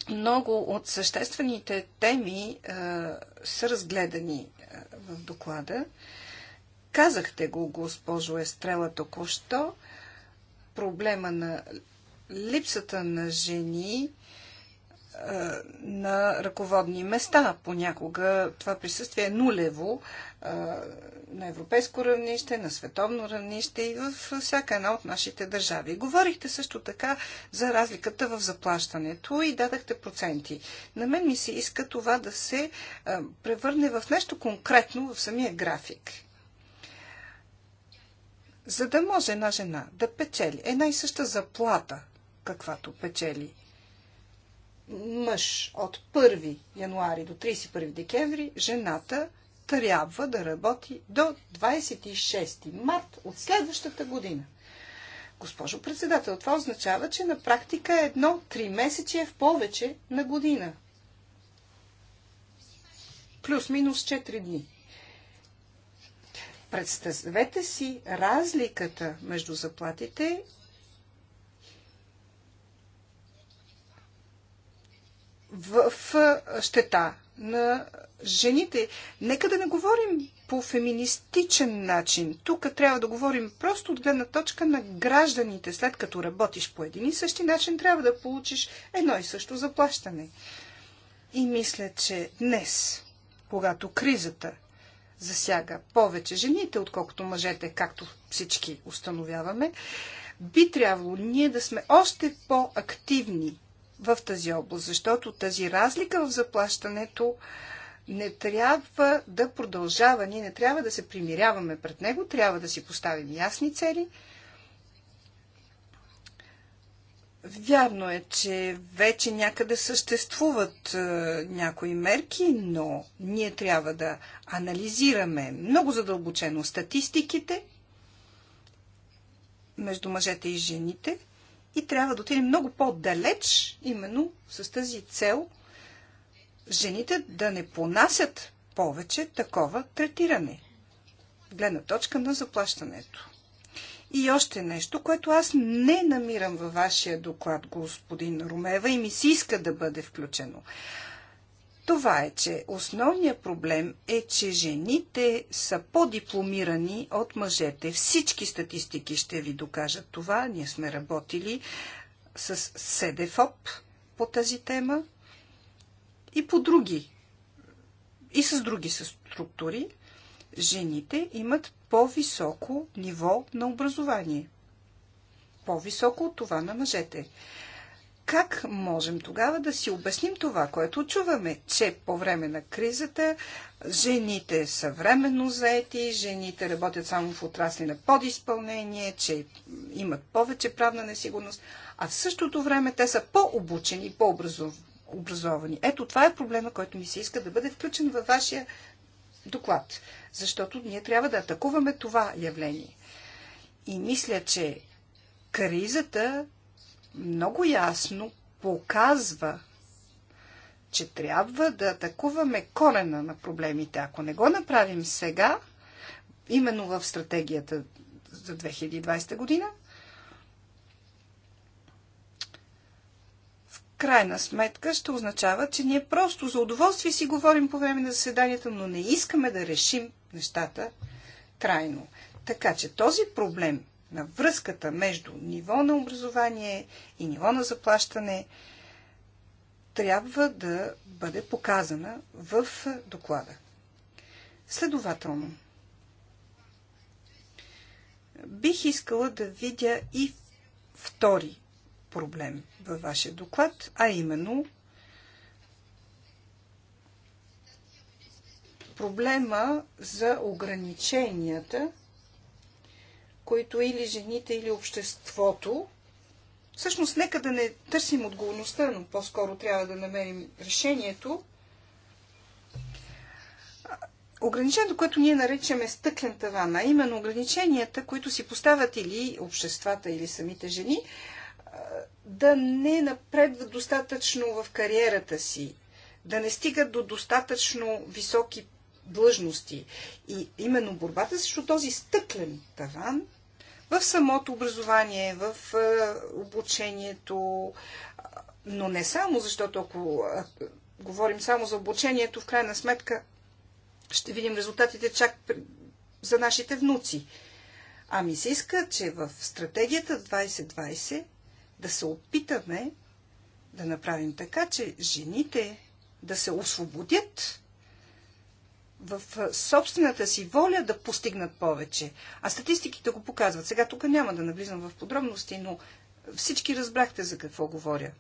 много от съществените теми а, са разгледани а, в доклада. Казахте го, госпожо Естрела, току-що. Проблема на липсата на жени на ръководни места. Понякога това присъствие е нулево на европейско равнище, на световно равнище и в всяка една от нашите държави. Говорихте също така за разликата в заплащането и дадахте проценти. На мен ми се иска това да се превърне в нещо конкретно в самия график. За да може една жена да печели една и съща заплата, каквато печели мъж от 1 януари до 31 декември, жената трябва да работи до 26 март от следващата година. Госпожо председател, това означава, че на практика е едно три месече в повече на година. Плюс-минус 4 дни. Представете си разликата между заплатите в, в щета на жените. Нека да не говорим по феминистичен начин. Тук трябва да говорим просто от гледна точка на гражданите. След като работиш по един и същи начин, трябва да получиш едно и също заплащане. И мисля, че днес, когато кризата засяга повече жените, отколкото мъжете, както всички установяваме, би трябвало ние да сме още по-активни в тази област, защото тази разлика в заплащането не трябва да продължава, ние не трябва да се примиряваме пред него, трябва да си поставим ясни цели. Вярно е, че вече някъде съществуват е, някои мерки, но ние трябва да анализираме много задълбочено статистиките между мъжете и жените и трябва да отидем много по-далеч, именно с тази цел жените да не понасят повече такова третиране. Гледна точка на заплащането. И още нещо, което аз не намирам във вашия доклад, господин Румева, и ми се иска да бъде включено това е, че основният проблем е, че жените са по-дипломирани от мъжете. Всички статистики ще ви докажат това. Ние сме работили с СЕДЕФОП по тази тема и по други. И с други структури. Жените имат по-високо ниво на образование. По-високо от това на мъжете. Как можем тогава да си обясним това, което чуваме, че по време на кризата жените са временно заети, жените работят само в отрасли на подизпълнение, че имат повече правна несигурност, а в същото време те са по-обучени по-образовани. Ето това е проблема, който ми се иска да бъде включен във вашия доклад, защото ние трябва да атакуваме това явление. И мисля, че кризата много ясно показва, че трябва да атакуваме корена на проблемите. Ако не го направим сега, именно в стратегията за 2020 година, в крайна сметка ще означава, че ние просто за удоволствие си говорим по време на заседанията, но не искаме да решим нещата трайно. Така че този проблем на връзката между ниво на образование и ниво на заплащане трябва да бъде показана в доклада. Следователно, бих искала да видя и втори проблем във вашия доклад, а именно проблема за ограниченията които или жените, или обществото. Всъщност, нека да не търсим отговорността, но по-скоро трябва да намерим решението. Ограничението, което ние наричаме стъклен таван, а именно ограниченията, които си поставят или обществата, или самите жени, да не напредват достатъчно в кариерата си, да не стигат до достатъчно високи длъжности. И именно борбата срещу този стъклен таван в самото образование, в е, обучението, но не само, защото ако говорим само за обучението, в крайна сметка ще видим резултатите чак за нашите внуци. А ми се иска, че в стратегията 2020 да се опитаме да направим така, че жените да се освободят в собствената си воля да постигнат повече. А статистиките го показват. Сега тук няма да навлизам в подробности, но всички разбрахте за какво говоря.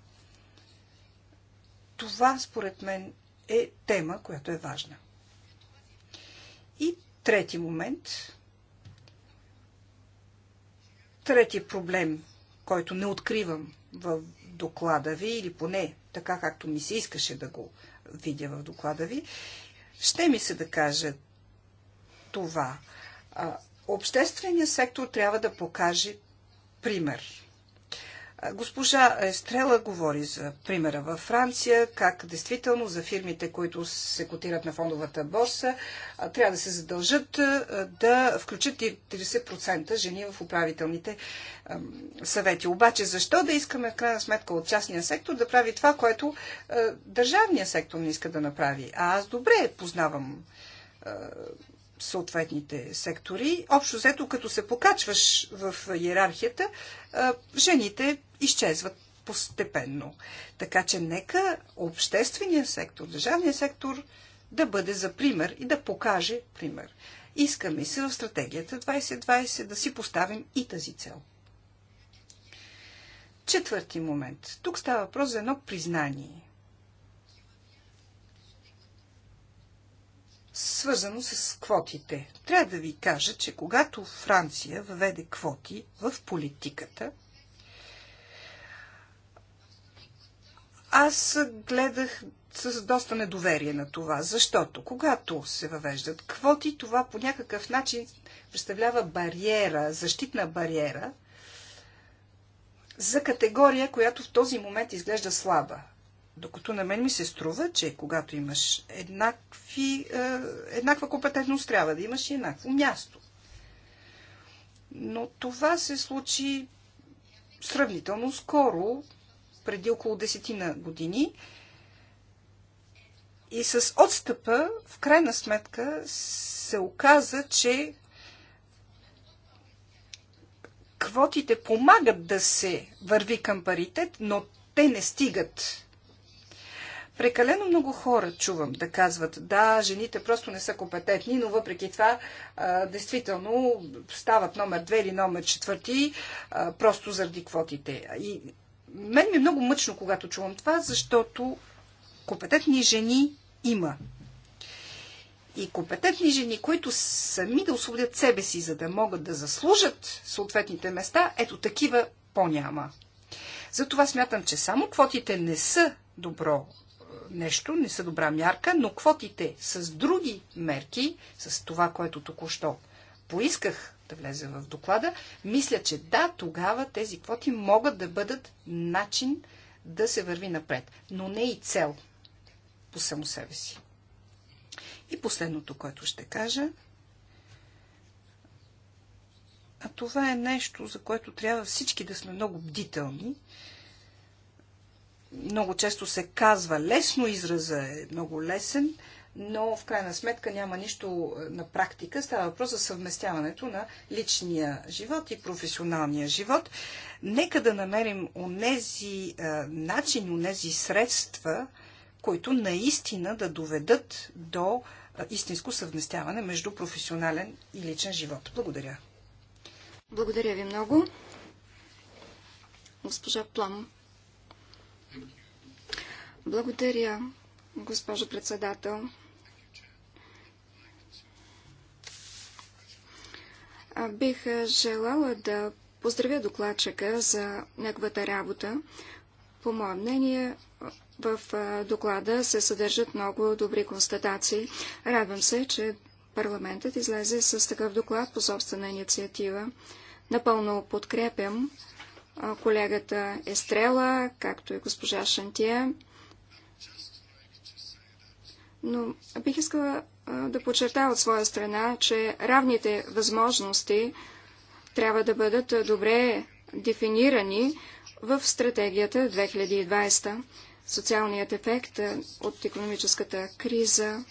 Това, според мен, е тема, която е важна. И трети момент, трети проблем, който не откривам в доклада ви, или поне така както ми се искаше да го видя в доклада ви, ще ми се да кажа това. Общественият сектор трябва да покаже пример. Госпожа Естрела говори за примера във Франция, как действително за фирмите, които се котират на фондовата борса, трябва да се задължат да включат 30% жени в управителните съвети. Обаче защо да искаме в крайна сметка от частния сектор да прави това, което държавния сектор не иска да направи? А аз добре познавам съответните сектори. Общо взето, като се покачваш в иерархията, жените изчезват постепенно. Така че нека обществения сектор, държавния сектор да бъде за пример и да покаже пример. Искаме се в стратегията 2020 да си поставим и тази цел. Четвърти момент. Тук става въпрос за едно признание. свързано с квотите. Трябва да ви кажа, че когато Франция въведе квоти в политиката, аз гледах с доста недоверие на това, защото когато се въвеждат квоти, това по някакъв начин представлява бариера, защитна бариера за категория, която в този момент изглежда слаба. Докато на мен ми се струва, че когато имаш еднакви, е, еднаква компетентност, трябва да имаш и еднакво място. Но това се случи сравнително скоро, преди около десетина години. И с отстъпа, в крайна сметка, се оказа, че квотите помагат да се върви към паритет, но те не стигат Прекалено много хора чувам да казват, да, жените просто не са компетентни, но въпреки това а, действително стават номер 2 или номер четвърти, а, просто заради квотите. И мен ми е много мъчно, когато чувам това, защото компетентни жени има. И компетентни жени, които сами да освободят себе си, за да могат да заслужат съответните места, ето такива по-няма. Затова смятам, че само квотите не са добро нещо, не са добра мярка, но квотите с други мерки, с това, което току-що поисках да влезе в доклада, мисля, че да, тогава тези квоти могат да бъдат начин да се върви напред, но не и цел по само себе си. И последното, което ще кажа, а това е нещо, за което трябва всички да сме много бдителни, много често се казва лесно, израза е много лесен, но в крайна сметка няма нищо е, на практика. Става въпрос за съвместяването на личния живот и професионалния живот. Нека да намерим онези е, начини, онези средства, които наистина да доведат до е, истинско съвместяване между професионален и личен живот. Благодаря. Благодаря ви много. Госпожа Плам. Благодаря, госпожо председател. Бих желала да поздравя докладчика за неговата работа. По мое мнение, в доклада се съдържат много добри констатации. Радвам се, че парламентът излезе с такъв доклад по собствена инициатива. Напълно подкрепям колегата Естрела, както и госпожа Шантия. Но бих искала да подчертая от своя страна, че равните възможности трябва да бъдат добре дефинирани в стратегията 2020. Социалният ефект от економическата криза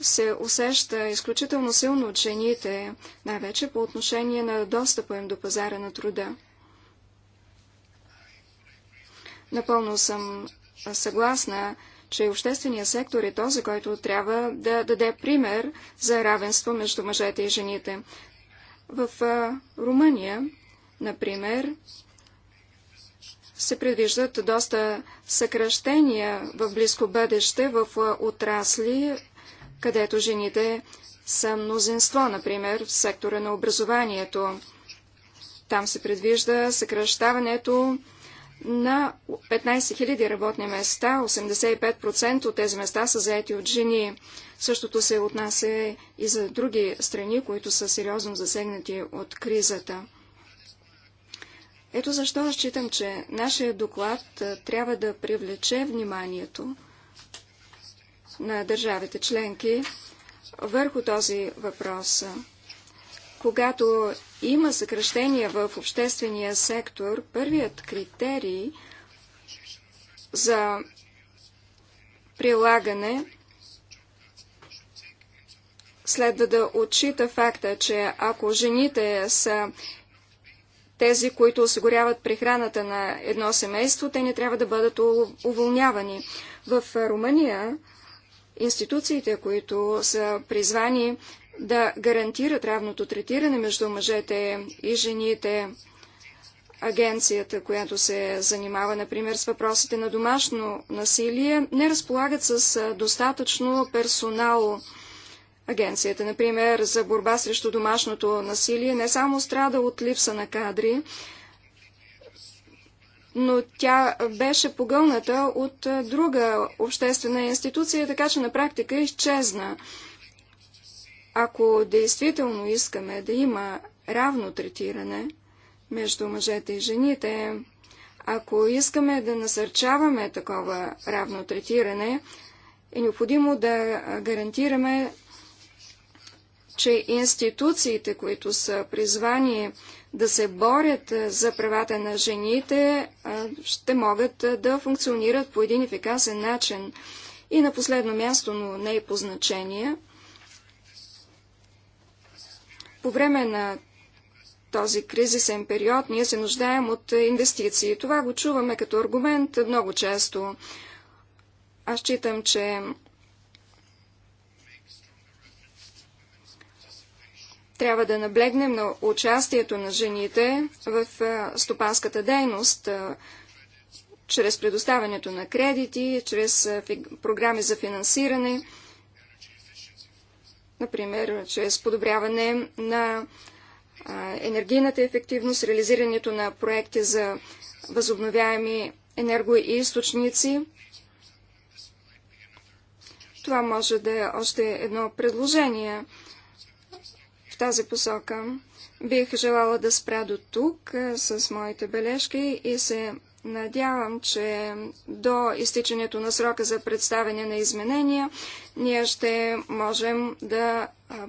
се усеща изключително силно от жените, най-вече по отношение на достъпа им до пазара на труда. Напълно съм съгласна, че обществения сектор е този, който трябва да даде пример за равенство между мъжете и жените. В Румъния, например, се предвиждат доста съкръщения в близко бъдеще в отрасли, където жените са мнозинство, например в сектора на образованието. Там се предвижда съкръщаването на 15 000 работни места. 85% от тези места са заети от жени. Същото се отнася и за други страни, които са сериозно засегнати от кризата. Ето защо считам, че нашия доклад трябва да привлече вниманието на държавите членки върху този въпрос. Когато има съкръщения в обществения сектор, първият критерий за прилагане следва да отчита факта, че ако жените са тези, които осигуряват прехраната на едно семейство, те не трябва да бъдат уволнявани. В Румъния институциите, които са призвани да гарантират равното третиране между мъжете и жените. Агенцията, която се занимава, например, с въпросите на домашно насилие, не разполагат с достатъчно персонал. Агенцията, например, за борба срещу домашното насилие не само страда от липса на кадри, но тя беше погълната от друга обществена институция, така че на практика изчезна. Ако действително искаме да има равно третиране между мъжете и жените, ако искаме да насърчаваме такова равно третиране, е необходимо да гарантираме, че институциите, които са призвани да се борят за правата на жените, ще могат да функционират по един ефикасен начин. И на последно място, но не и по значение – по време на този кризисен период ние се нуждаем от инвестиции. Това го чуваме като аргумент много често. Аз считам, че трябва да наблегнем на участието на жените в стопанската дейност, чрез предоставянето на кредити, чрез програми за финансиране – например, чрез подобряване на енергийната ефективност, реализирането на проекти за възобновяеми енергоисточници. Това може да е още едно предложение в тази посока. Бих желала да спря до тук с моите бележки и се Надявам, че до изтичането на срока за представяне на изменения ние ще можем да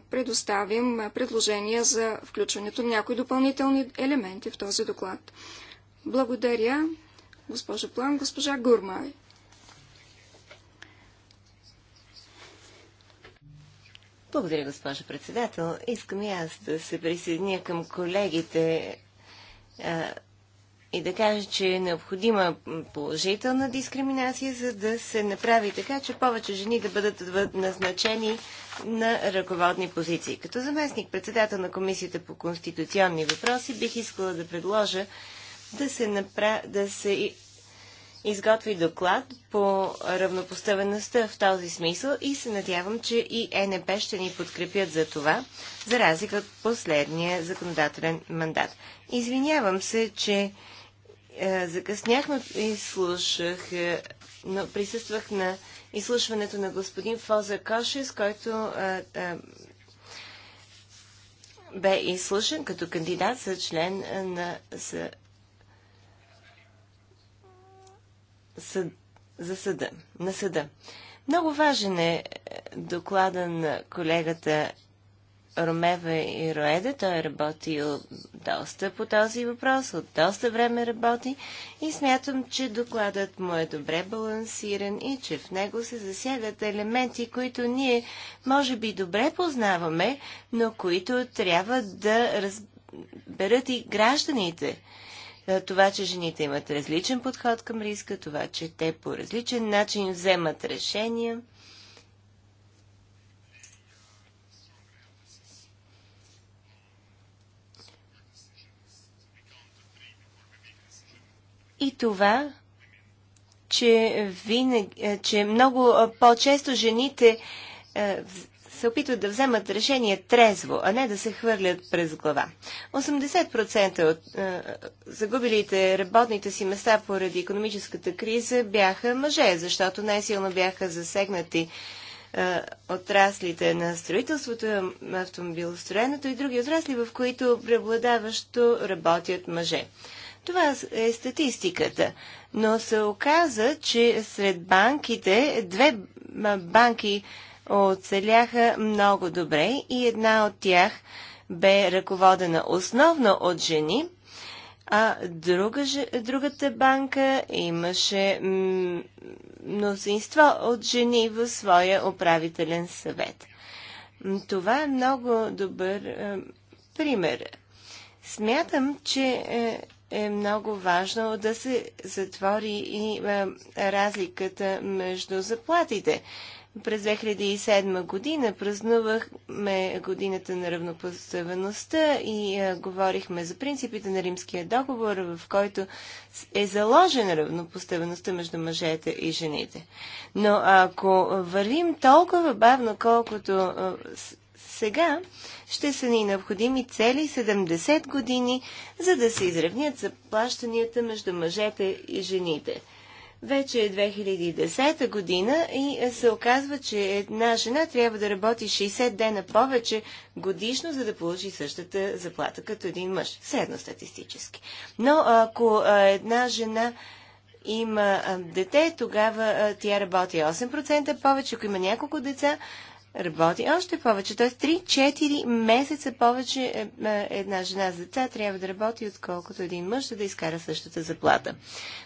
предоставим предложения за включването на някои допълнителни елементи в този доклад. Благодаря, госпожа План, госпожа Гурмай. Благодаря, госпожа председател. Искам и аз да се присъединя към колегите, и да каже, че е необходима положителна дискриминация, за да се направи така, че повече жени да бъдат назначени на ръководни позиции. Като заместник председател на Комисията по конституционни въпроси бих искала да предложа да се, напра... да се изготви доклад по равнопоставеността в този смисъл и се надявам, че и ЕНП ще ни подкрепят за това, за разлика от последния законодателен мандат. Извинявам се, че е, закъснях, но изслушах, е, но присъствах на изслушването на господин Фоза Кошес, който а, е, а, бе изслушан като кандидат за член на за, съд, за съда, на съда. Много важен е доклада на колегата Ромева и Роеда. Той е работил доста по този въпрос, от доста време работи и смятам, че докладът му е добре балансиран и че в него се засягат елементи, които ние може би добре познаваме, но които трябва да разберат и гражданите. Е, това, че жените имат различен подход към риска, това, че те по различен начин вземат решения – И това, че, винаги, е, че много е, по-често жените е, се опитват да вземат решение трезво, а не да се хвърлят през глава. 80% от загубилите работните си места поради економическата криза бяха мъже, защото най-силно бяха засегнати отраслите на строителството, автомобилостроенето и други отрасли, в които преобладаващо работят мъже. Това е статистиката. Но се оказа, че сред банките две банки оцеляха много добре и една от тях бе ръководена основно от жени, а друга, другата банка имаше мнозинство от жени в своя управителен съвет. Това е много добър пример. Смятам, че е, е много важно да се затвори и а, е, разликата между заплатите. През 2007 година празнувахме годината на равнопоставеността и а, е, говорихме за принципите на Римския договор, в който е заложена равнопоставеността между мъжете и жените. Но ако вървим толкова бавно, колкото а, е, сега, ще са ни необходими цели 70 години, за да се изравнят заплащанията между мъжете и жените. Вече е 2010 година и се оказва, че една жена трябва да работи 60 дена повече годишно, за да получи същата заплата като един мъж. Средно статистически. Но ако една жена има дете, тогава тя работи 8% повече. Ако има няколко деца, работи още повече. Т.е. 3-4 месеца повече е, е, една жена с деца трябва да работи, отколкото един мъж, да изкара същата заплата.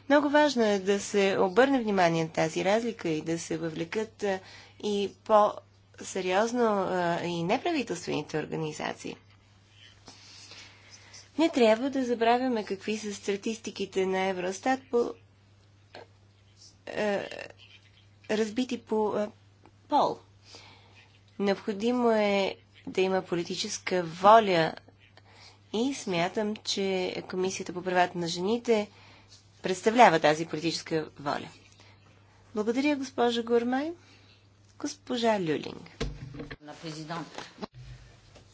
Много важно е да се обърне внимание на тази разлика и да се въвлекат е, и по-сериозно и неправителствените организации. Не трябва да забравяме какви са статистиките на Евростат по разбити по пол. Необходимо е да има политическа воля и смятам, че Комисията по правата на жените представлява тази политическа воля. Благодаря, госпожа Гурмай. Госпожа Люлинг.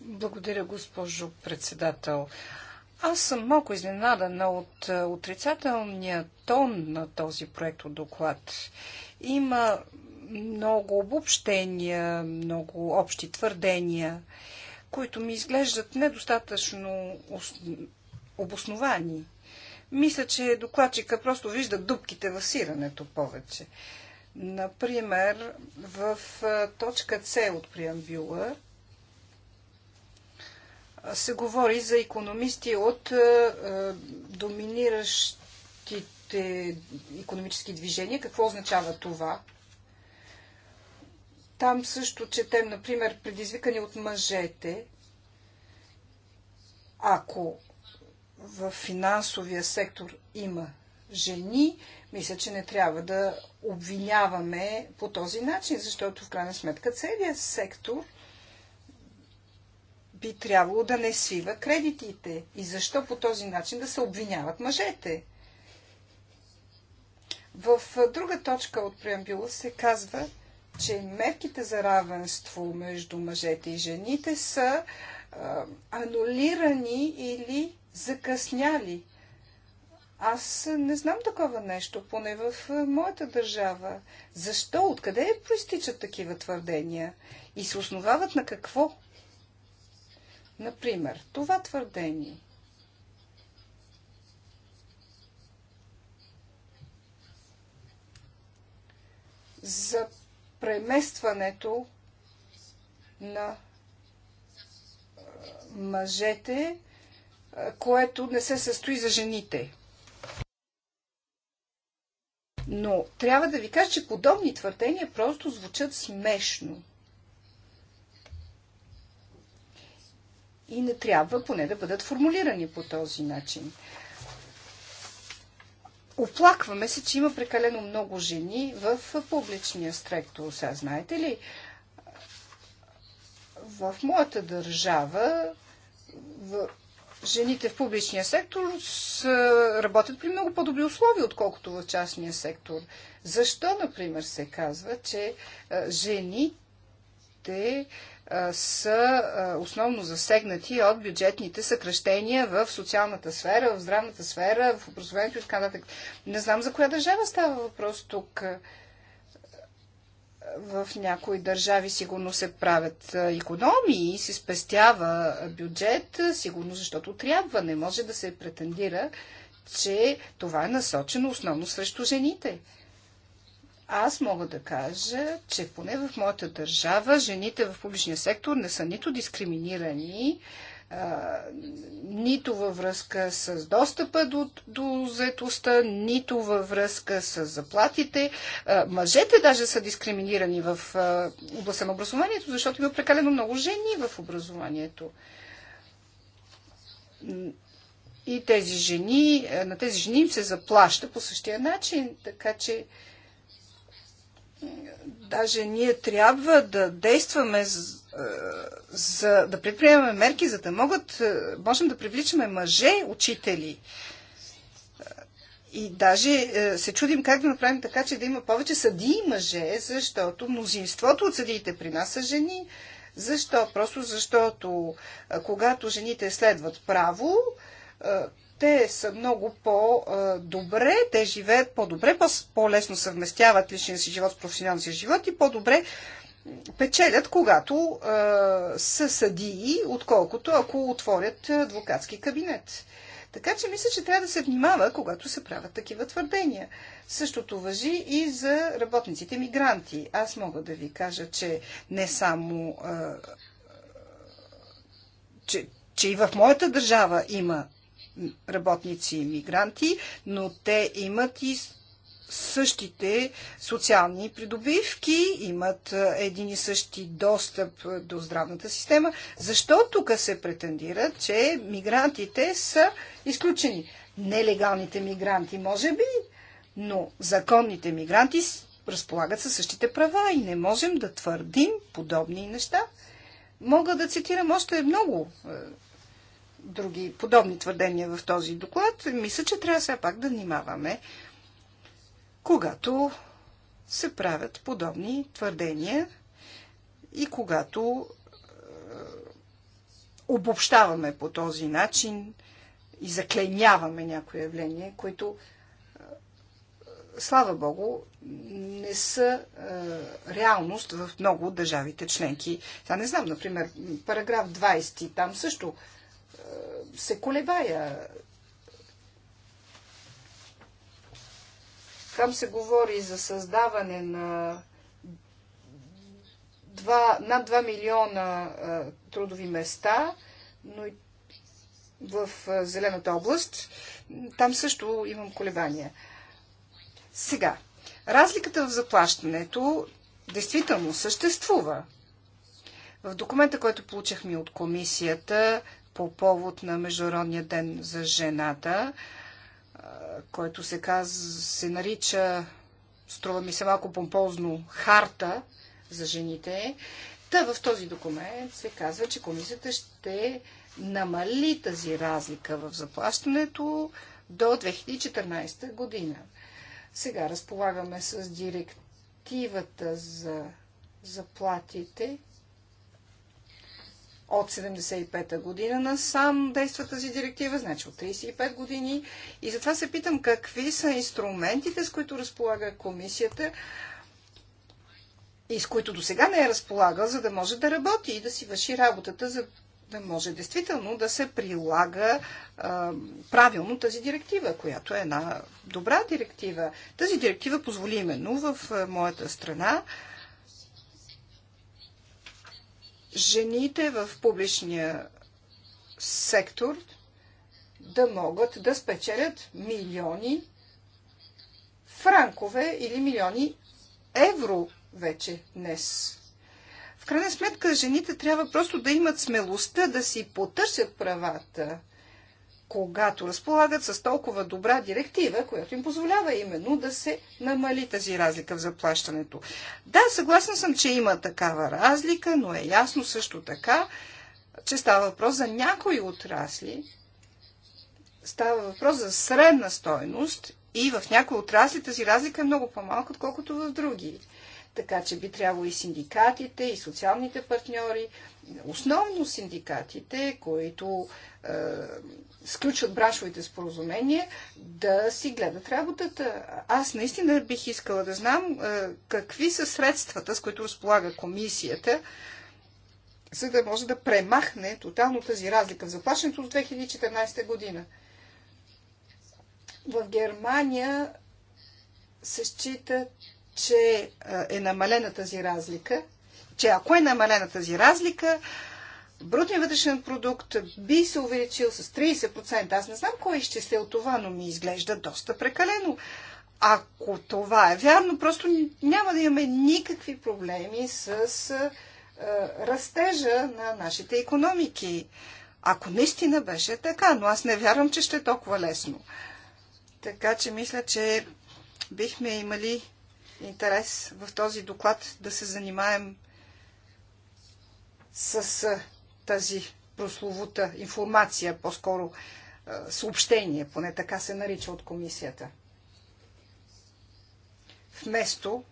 Благодаря, госпожо председател. Аз съм малко изненадана от е, отрицателния тон на този проект от доклад. Има много обобщения, много общи твърдения, които ми изглеждат недостатъчно обосновани. Мисля, че докладчика просто вижда дубките в сирането повече. Например, в точка С от преамбюла се говори за економисти от доминиращите економически движения. Какво означава това? Там също четем, например, предизвикани от мъжете. Ако в финансовия сектор има жени, мисля, че не трябва да обвиняваме по този начин, защото в крайна сметка целият сектор би трябвало да не свива кредитите. И защо по този начин да се обвиняват мъжете? В друга точка от преамбюла се казва, че мерките за равенство между мъжете и жените са а, анулирани или закъсняли. Аз не знам такова нещо, поне в моята държава. Защо? Откъде проистичат такива твърдения? И се основават на какво? Например, това твърдение. За преместването на мъжете, което не се състои за жените. Но трябва да ви кажа, че подобни твърдения просто звучат смешно. И не трябва поне да бъдат формулирани по този начин. Оплакваме се, че има прекалено много жени в публичния сектор. Сега знаете ли, в моята държава в жените в публичния сектор са, работят при много по-добри условия, отколкото в частния сектор. Защо, например, се казва, че жените са основно засегнати от бюджетните съкръщения в социалната сфера, в здравната сфера, в образованието и така нататък. Не знам за коя държава става въпрос тук. В някои държави сигурно се правят економии, се спестява бюджет, сигурно защото трябва. Не може да се претендира, че това е насочено основно срещу жените. Аз мога да кажа, че поне в моята държава жените в публичния сектор не са нито дискриминирани, а, нито във връзка с достъпа до, до заетостта, нито във връзка с заплатите. А, мъжете даже са дискриминирани в а, областта на образованието, защото има прекалено много жени в образованието. И тези жени, на тези жени им се заплаща по същия начин, така че даже ние трябва да действаме е, за да предприемаме мерки, за да могат, е, можем да привличаме мъже учители. Е, и даже се чудим как да направим така, че да има повече и мъже, защото мнозинството от съдиите при нас са жени. Защо? Просто защото когато жените следват право, те са много по-добре, те живеят по-добре, по-лесно съвместяват личния си живот с професионалния си живот и по-добре печелят, когато са съдии, отколкото ако отворят адвокатски кабинет. Така че мисля, че трябва да се внимава, когато се правят такива твърдения. Същото въжи и за работниците мигранти. Аз мога да ви кажа, че не само. че, че и в моята държава има работници и мигранти, но те имат и същите социални придобивки, имат един и същи достъп до здравната система. Защо тук се претендира, че мигрантите са изключени? Нелегалните мигранти, може би, но законните мигранти разполагат със същите права и не можем да твърдим подобни неща. Мога да цитирам още много други подобни твърдения в този доклад, мисля, че трябва все пак да внимаваме, когато се правят подобни твърдения и когато е, обобщаваме по този начин и закленяваме някои явления, които, е, слава Богу, не са е, реалност в много от държавите членки. Сега не знам, например, параграф 20, там също се колебая. Там се говори за създаване на 2, над 2 милиона а, трудови места, но и в а, Зелената област. Там също имам колебания. Сега, разликата в заплащането действително съществува. В документа, който получихме от комисията, по повод на Международния ден за жената, който се, каз... се нарича, струва ми се малко помпозно, харта за жените. Та в този документ се казва, че комисията ще намали тази разлика в заплащането до 2014 година. Сега разполагаме с директивата за заплатите, от 75-та година на сам действа тази директива, значи от 35 години. И затова се питам какви са инструментите, с които разполага комисията и с които до сега не е разполагал, за да може да работи и да си върши работата, за да може действително да се прилага а, правилно тази директива, която е една добра директива. Тази директива позволи именно в а, моята страна а, жените в публичния сектор да могат да спечелят милиони франкове или милиони евро вече днес. В крайна сметка, жените трябва просто да имат смелостта да си потърсят правата, когато разполагат с толкова добра директива, която им позволява именно да се намали тази разлика в заплащането. Да, съгласна съм, че има такава разлика, но е ясно също така, че става въпрос за някои отрасли, става въпрос за средна стойност и в някои отрасли тази разлика е много по-малка, отколкото в други. Така че би трябвало и синдикатите, и социалните партньори, основно синдикатите, които е, сключват браншовите споразумения, да си гледат работата. Аз наистина бих искала да знам е, какви са средствата, с които разполага комисията, за да може да премахне тотално тази разлика в заплащането от 2014 година. В Германия се считат че е намалена тази разлика, че ако е намалена тази разлика, брутният вътрешен продукт би се увеличил с 30%. Аз не знам кой е изчислил това, но ми изглежда доста прекалено. Ако това е вярно, просто няма да имаме никакви проблеми с е, растежа на нашите економики. Ако наистина беше така, но аз не вярвам, че ще е толкова лесно. Така че мисля, че бихме имали интерес в този доклад да се занимаем с тази прословута информация, по-скоро съобщение, поне така се нарича от комисията. Вместо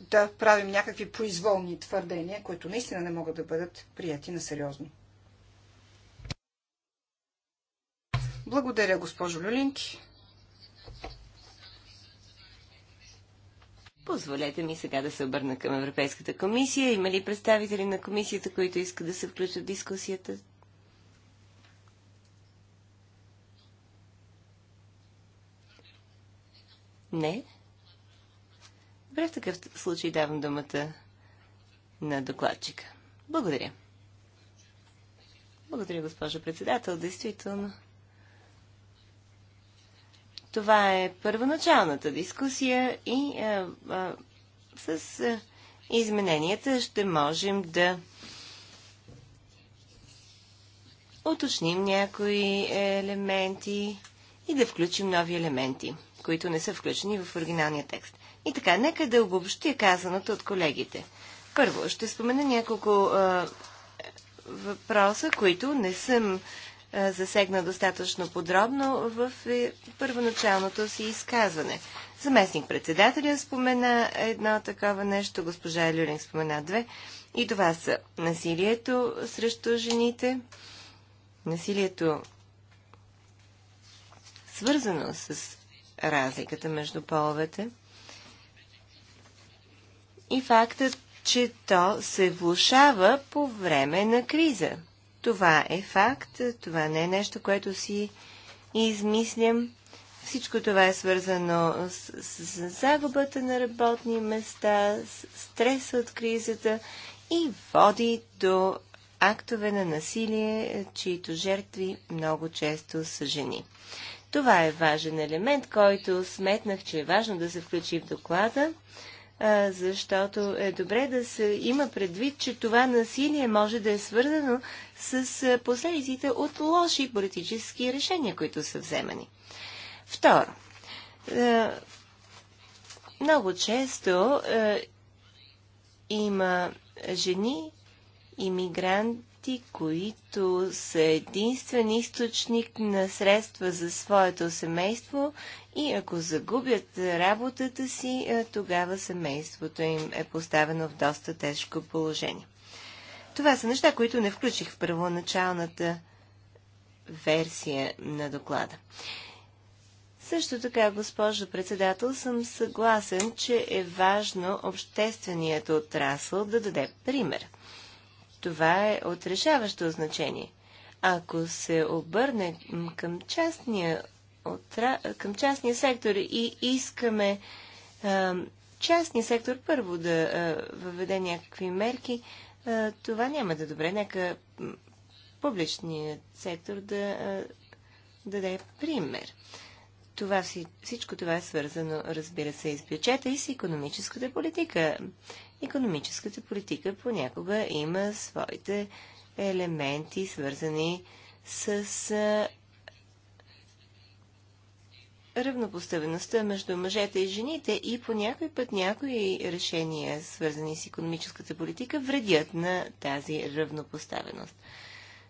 да правим някакви произволни твърдения, които наистина не могат да бъдат прияти на сериозно. Благодаря, госпожо Люлинки. Позволете ми сега да се обърна към Европейската комисия. Има ли представители на комисията, които искат да се включат в дискусията? Не. Добре, в такъв случай давам думата на докладчика. Благодаря. Благодаря, госпожо председател. Действително. Това е първоначалната дискусия и а, а, с а, измененията ще можем да уточним някои елементи и да включим нови елементи, които не са включени в оригиналния текст. И така, нека да обобщя казаното от колегите. Първо, ще спомена няколко а, въпроса, които не съм е, засегна достатъчно подробно в е, първоначалното си изказване. Заместник председателя спомена едно такова нещо, госпожа Люлин спомена две. И това са насилието срещу жените, насилието свързано с разликата между половете и фактът, че то се влушава по време на криза. Това е факт, това не е нещо, което си измислям. Всичко това е свързано с, с, с загубата на работни места, с стреса от кризата и води до актове на насилие, чието жертви много често са жени. Това е важен елемент, който сметнах, че е важно да се включи в доклада защото е добре да се има предвид, че това насилие може да е свързано с последиците от лоши политически решения, които са вземани. Второ, много често има жени, иммигрант, щети, които са единствен източник на средства за своето семейство и ако загубят работата си, е, тогава семейството им е поставено в доста тежко положение. Това са неща, които не включих в първоначалната версия на доклада. Също така, госпожо председател, съм съгласен, че е важно общественият отрасъл да даде пример. Това е отрешаващо значение. Ако се обърне към частния, отра... към частния сектор и искаме а, частния сектор първо да а, въведе някакви мерки, а, това няма да е добре. Нека публичният сектор да даде пример това, всичко това е свързано, разбира се, и с бюджета и с економическата политика. Економическата политика понякога има своите елементи, свързани с равнопоставеността между мъжете и жените и по някой път някои решения, свързани с економическата политика, вредят на тази равнопоставеност.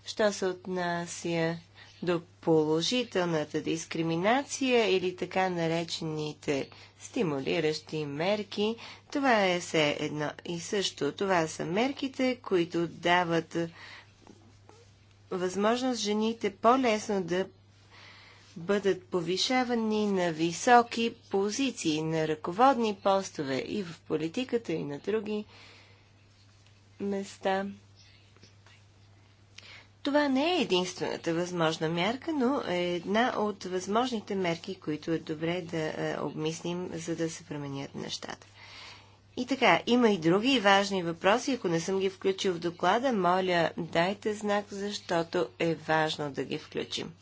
Що се отнася до положителната дискриминация или така наречените стимулиращи мерки. Това е все едно и също. Това са мерките, които дават възможност жените по-лесно да бъдат повишавани на високи позиции, на ръководни постове и в политиката, и на други места. Това не е единствената възможна мярка, но е една от възможните мерки, които е добре да е, обмислим, за да се променят нещата. И така, има и други важни въпроси. Ако не съм ги включил в доклада, моля, дайте знак, защото е важно да ги включим.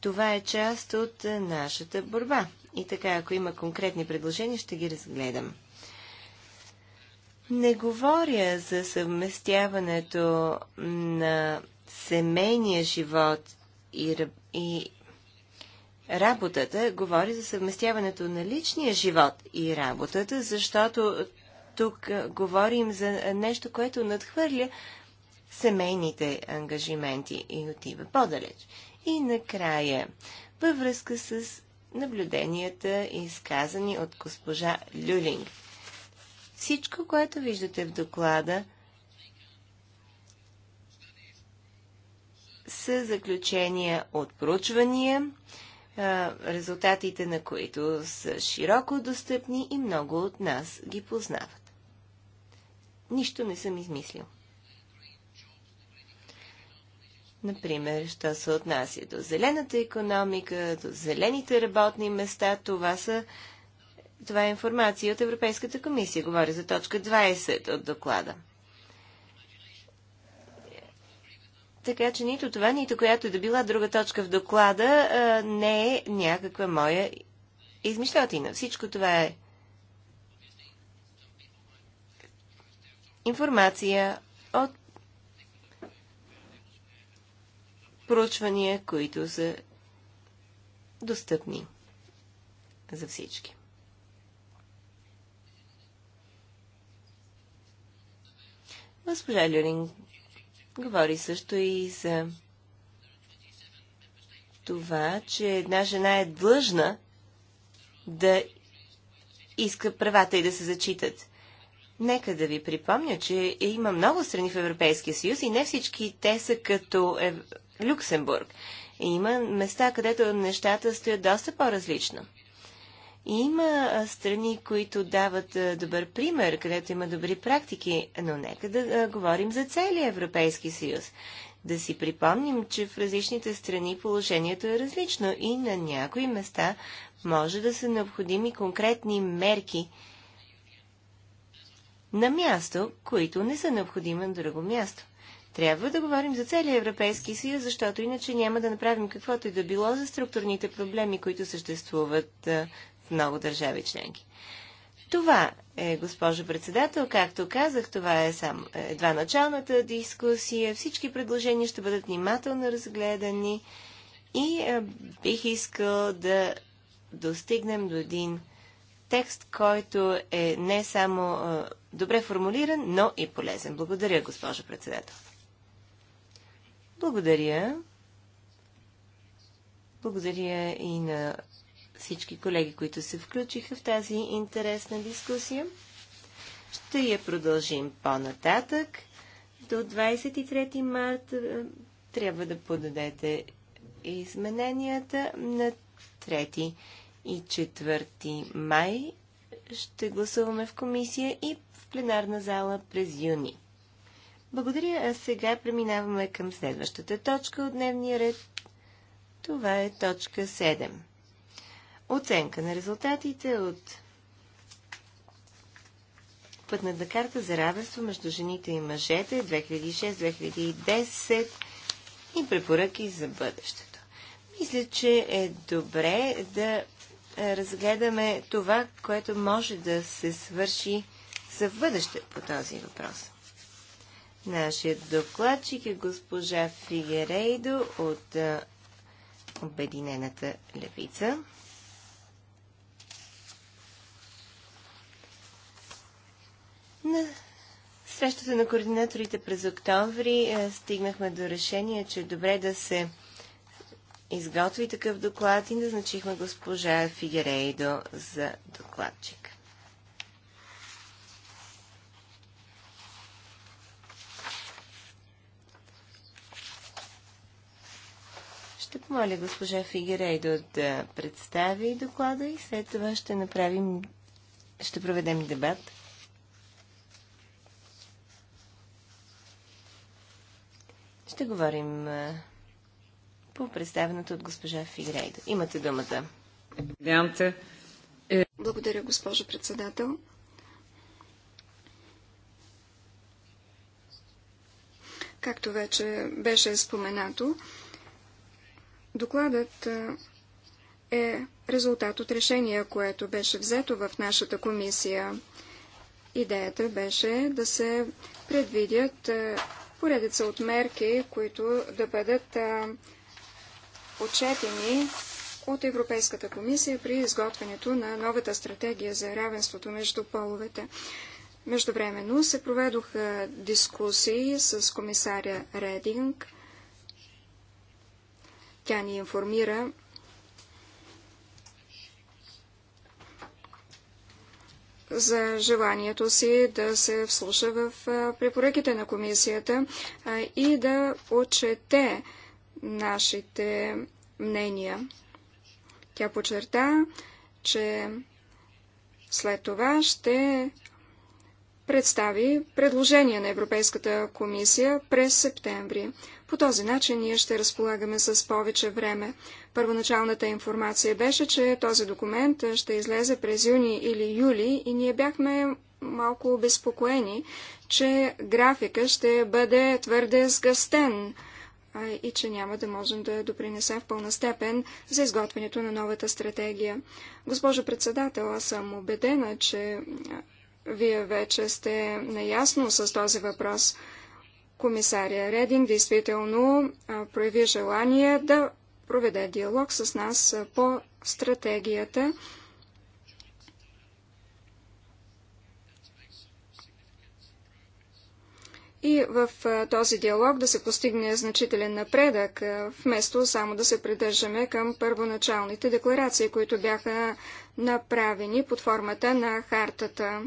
Това е част от е, нашата борба. И така, ако има конкретни предложения, ще ги разгледам. Не говоря за съвместяването на семейния живот и, и работата, говори за съвместяването на личния живот и работата, защото тук говорим за нещо, което надхвърля семейните ангажименти и отива по-далеч. И накрая, във връзка с наблюденията, изказани от госпожа Люлинг. Всичко, което виждате в доклада, са заключения от проучвания, резултатите на които са широко достъпни и много от нас ги познават. Нищо не съм измислил. Например, що се отнася до зелената економика, до зелените работни места, това, са, това е информация от Европейската комисия. Говоря за точка 20 от доклада. Така че нито това, нито която да била друга точка в доклада а, не е някаква моя измишлятина. Всичко това е информация от проучвания, които са достъпни за всички. Госпожа Люлинг, Говори също и за това, че една жена е длъжна да иска правата и да се зачитат. Нека да ви припомня, че има много страни в Европейския съюз и не всички те са като Ев... Люксембург. Има места, където нещата стоят доста по-различно. Има страни, които дават добър пример, където има добри практики, но нека да говорим за целия Европейски съюз. Да си припомним, че в различните страни положението е различно и на някои места може да са необходими конкретни мерки на място, които не са необходими на друго място. Трябва да говорим за целия Европейски съюз, защото иначе няма да направим каквото и да било за структурните проблеми, които съществуват много държави членки. Това е, госпожо председател, както казах, това е сам едва началната дискусия. Всички предложения ще бъдат внимателно разгледани и е, бих искал да достигнем до един текст, който е не само е, добре формулиран, но и полезен. Благодаря, госпожо председател. Благодаря. Благодаря и на всички колеги, които се включиха в тази интересна дискусия. Ще я продължим по-нататък. До 23 март е, трябва да подадете измененията на 3 и 4 май. Ще гласуваме в комисия и в пленарна зала през юни. Благодаря, а сега преминаваме към следващата точка от дневния ред. Това е точка 7. Оценка на резултатите от пътната карта за равенство между жените и мъжете 2006-2010 и препоръки за бъдещето. Мисля, че е добре да е, разгледаме това, което може да се свърши за бъдеще по този въпрос. Нашият докладчик е госпожа Фигерейдо от е, Обединената левица. На срещата на координаторите през октомври е, стигнахме до решение, че е добре да се изготви такъв доклад и назначихме госпожа Фигерейдо за докладчик. Ще помоля госпожа Фигерейдо да представи доклада и след това ще направим, ще проведем дебат. Ще говорим по представената от госпожа Фигрейдо. Имате думата. Е- Благодаря, госпожо председател. Както вече беше споменато, докладът е резултат от решение, което беше взето в нашата комисия. Идеята беше да се предвидят поредица от мерки, които да бъдат отчетени от Европейската комисия при изготвянето на новата стратегия за равенството между половете. Междувременно се проведоха дискусии с комисаря Рединг. Тя ни информира за желанието си да се вслуша в препоръките на комисията и да отчете нашите мнения. Тя почерта, че след това ще представи предложение на Европейската комисия през септември. По този начин ние ще разполагаме с повече време. Първоначалната информация беше, че този документ ще излезе през юни или юли и ние бяхме малко обезпокоени, че графика ще бъде твърде сгъстен и че няма да можем да допринесем в пълна степен за изготвянето на новата стратегия. Госпожо председател, аз съм убедена, че вие вече сте наясно с този въпрос. Комисария Рединг действително прояви желание да проведе диалог с нас по стратегията. И в този диалог да се постигне значителен напредък, вместо само да се придържаме към първоначалните декларации, които бяха направени под формата на хартата.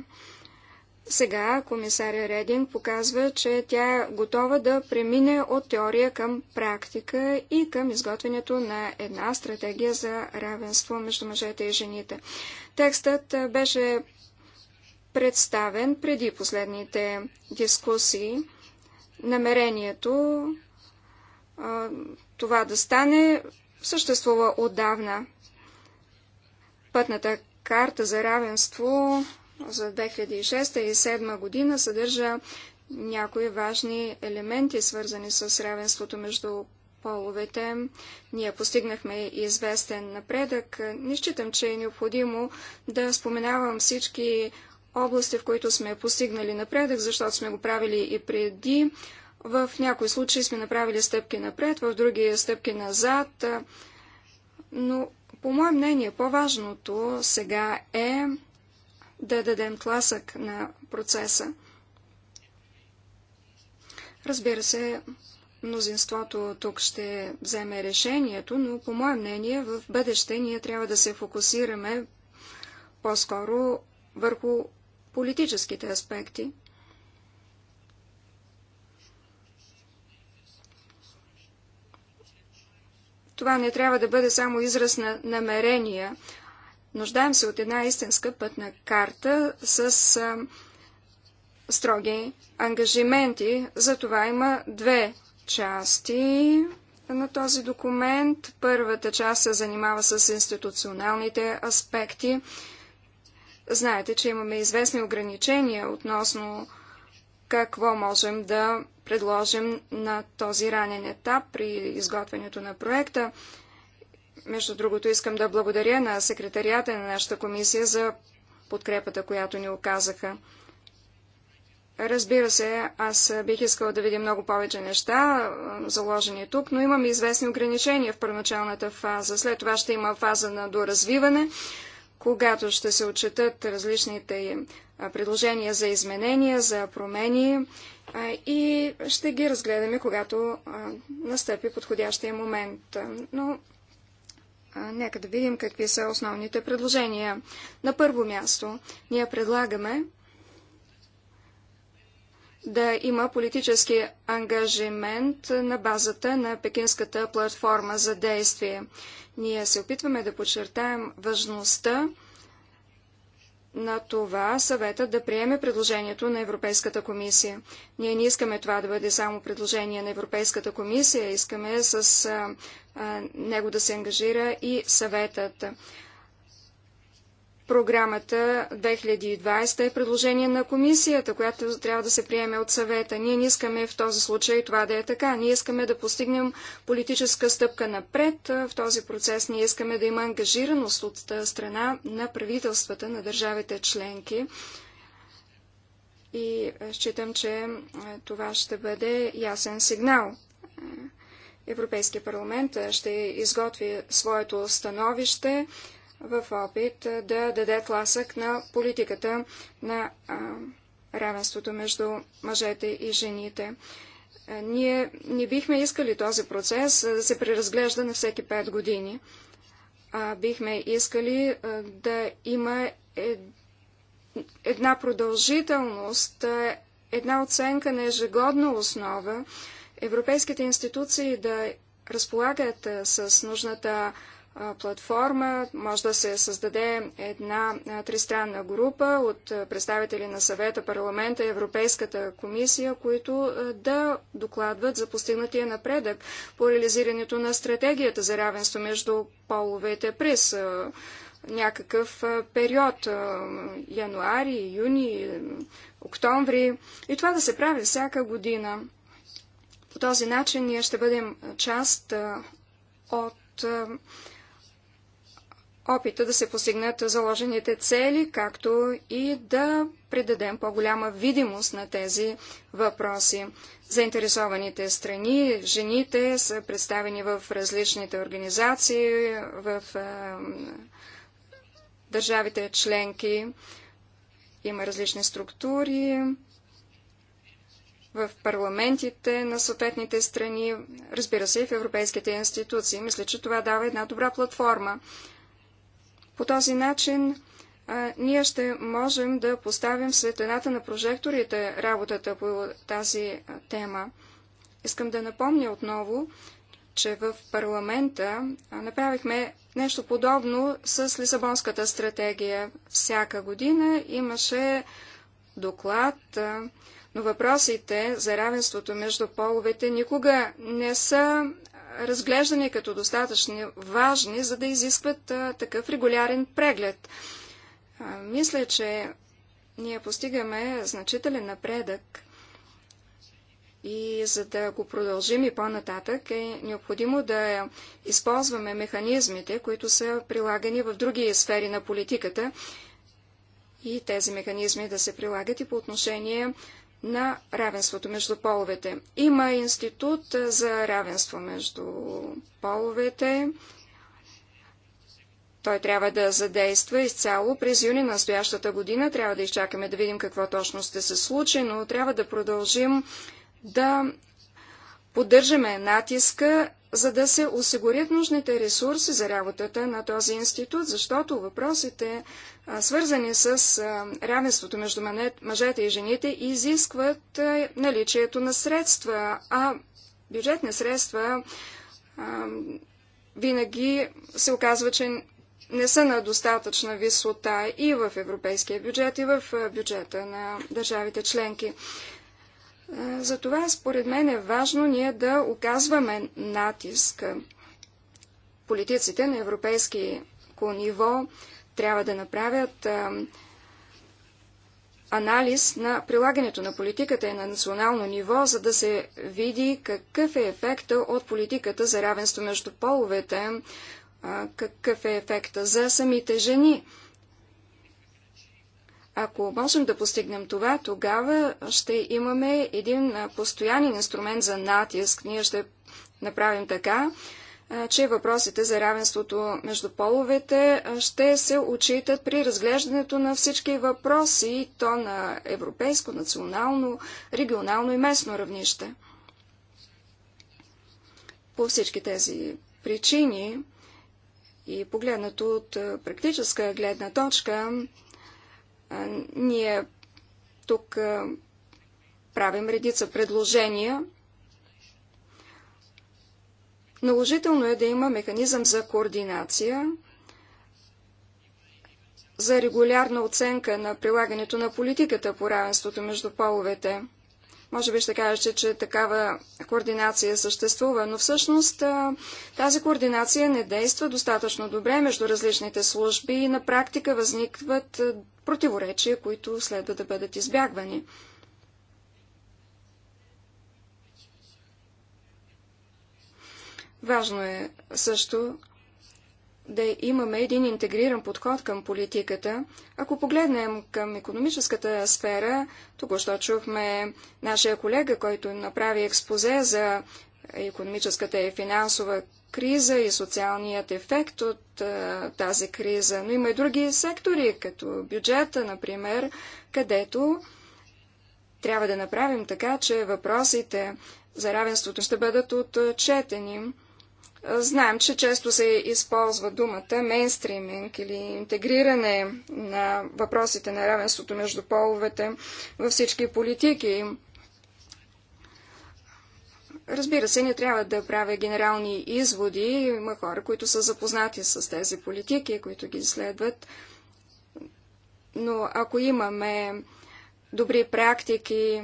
Сега комисаря Рединг показва, че тя е готова да премине от теория към практика и към изготвянето на една стратегия за равенство между мъжете и жените. Текстът беше представен преди последните дискусии. Намерението това да стане съществува отдавна. Пътната карта за равенство за 2006 и 2007 година съдържа някои важни елементи, свързани с равенството между половете. Ние постигнахме известен напредък. Не считам, че е необходимо да споменавам всички области, в които сме постигнали напредък, защото сме го правили и преди. В някои случаи сме направили стъпки напред, в други стъпки назад, но по мое мнение, по-важното сега е да дадем тласък на процеса. Разбира се, мнозинството тук ще вземе решението, но по мое мнение в бъдеще ние трябва да се фокусираме по-скоро върху политическите аспекти. Това не трябва да бъде само израз на намерения. Нуждаем се от една истинска пътна карта с а, строги ангажименти. За това има две части на този документ. Първата част се занимава с институционалните аспекти. Знаете, че имаме известни ограничения относно какво можем да предложим на този ранен етап при изготвянето на проекта. Между другото, искам да благодаря на секретарията на нашата комисия за подкрепата, която ни оказаха. Разбира се, аз бих искала да видя много повече неща, заложени тук, но имаме известни ограничения в първоначалната фаза. След това ще има фаза на доразвиване, когато ще се отчетат различните предложения за изменения, за промени и ще ги разгледаме, когато настъпи подходящия момент. Но нека да видим какви са основните предложения. На първо място ние предлагаме да има политически ангажимент на базата на Пекинската платформа за действие. Ние се опитваме да подчертаем важността на това съвета да приеме предложението на Европейската комисия. Ние не искаме това да бъде само предложение на Европейската комисия, искаме с а, а, него да се ангажира и съветът програмата 2020 е предложение на комисията, която трябва да се приеме от съвета. Ние не искаме в този случай това да е така. Ние искаме да постигнем политическа стъпка напред. В този процес ние искаме да има ангажираност от страна на правителствата на държавите членки. И считам, че това ще бъде ясен сигнал. Европейския парламент ще изготви своето становище в опит да даде тласък на политиката на а, равенството между мъжете и жените. Ние не бихме искали този процес да се преразглежда на всеки 5 години. А бихме искали да има е, една продължителност, една оценка на ежегодна основа, европейските институции да разполагат с нужната платформа, може да се създаде една тристранна група от представители на съвета, парламента, и Европейската комисия, които да докладват за постигнатия напредък по реализирането на стратегията за равенство между половете през някакъв период, януари, юни, октомври, и това да се прави всяка година. По този начин ние ще бъдем част от опита да се постигнат заложените цели, както и да придадем по-голяма видимост на тези въпроси. Заинтересованите страни, жените са представени в различните организации, в държавите членки. Има различни структури в парламентите на съответните страни, разбира се и в европейските институции. Мисля, че това дава една добра платформа. По този начин а, ние ще можем да поставим светлината на прожекторите работата по тази а, тема. Искам да напомня отново, че в парламента а, направихме нещо подобно с Лисабонската стратегия. Всяка година имаше доклад, но въпросите за равенството между половете никога не са разглеждани като достатъчно важни, за да изискват а, такъв регулярен преглед. А, мисля, че ние постигаме значителен напредък и за да го продължим и по-нататък е необходимо да използваме механизмите, които са прилагани в други сфери на политиката и тези механизми да се прилагат и по отношение на равенството между половете. Има институт за равенство между половете. Той трябва да задейства изцяло през юни настоящата година. Трябва да изчакаме да видим какво точно ще се случи, но трябва да продължим да Поддържаме натиска, за да се осигурят нужните ресурси за работата на този институт, защото въпросите, свързани с равенството между мъжете и жените, изискват наличието на средства, а бюджетни средства винаги се оказва, че не са на достатъчна висота и в европейския бюджет, и в бюджета на държавите членки. Затова според мен е важно ние да оказваме натиск. Политиците на европейски ниво трябва да направят анализ на прилагането на политиката и на национално ниво, за да се види какъв е ефекта от политиката за равенство между половете, какъв е ефекта за самите жени. Ако можем да постигнем това, тогава ще имаме един постоянен инструмент за натиск. Ние ще направим така, че въпросите за равенството между половете ще се учитат при разглеждането на всички въпроси, то на европейско, национално, регионално и местно равнище. По всички тези причини и погледнато от практическа гледна точка, ние тук правим редица предложения. Наложително е да има механизъм за координация, за регулярна оценка на прилагането на политиката по равенството между половете – може би ще кажете, че такава координация съществува, но всъщност тази координация не действа достатъчно добре между различните служби и на практика възникват противоречия, които следва да бъдат избягвани. Важно е също да имаме един интегриран подход към политиката. Ако погледнем към економическата сфера, току-що чухме нашия колега, който направи експозе за економическата и финансова криза и социалният ефект от а, тази криза. Но има и други сектори, като бюджета, например, където трябва да направим така, че въпросите за равенството ще бъдат отчетени. Знаем, че често се използва думата мейнстриминг или интегриране на въпросите на равенството между половете във всички политики. Разбира се, не трябва да правя генерални изводи. Има хора, които са запознати с тези политики, които ги следват. Но ако имаме добри практики,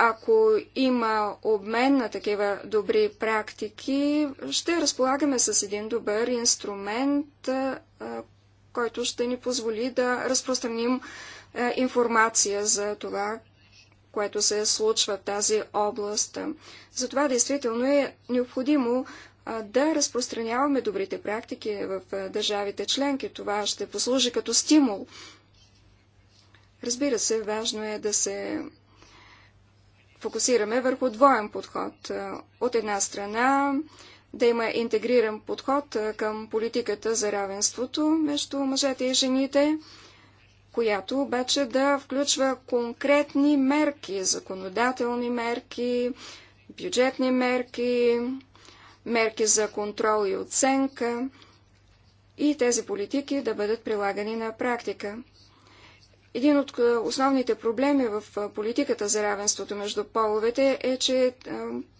ако има обмен на такива добри практики, ще разполагаме с един добър инструмент, който ще ни позволи да разпространим информация за това, което се случва в тази област. Затова действително е необходимо да разпространяваме добрите практики в държавите членки. Това ще послужи като стимул. Разбира се, важно е да се фокусираме върху двоен подход. Е, от една страна да има интегриран подход е, към политиката за равенството между мъжете и жените, която обаче да включва конкретни мерки, законодателни мерки, бюджетни мерки, мерки за контрол и оценка и тези политики да бъдат прилагани на практика. Един от основните проблеми в политиката за равенството между половете е, че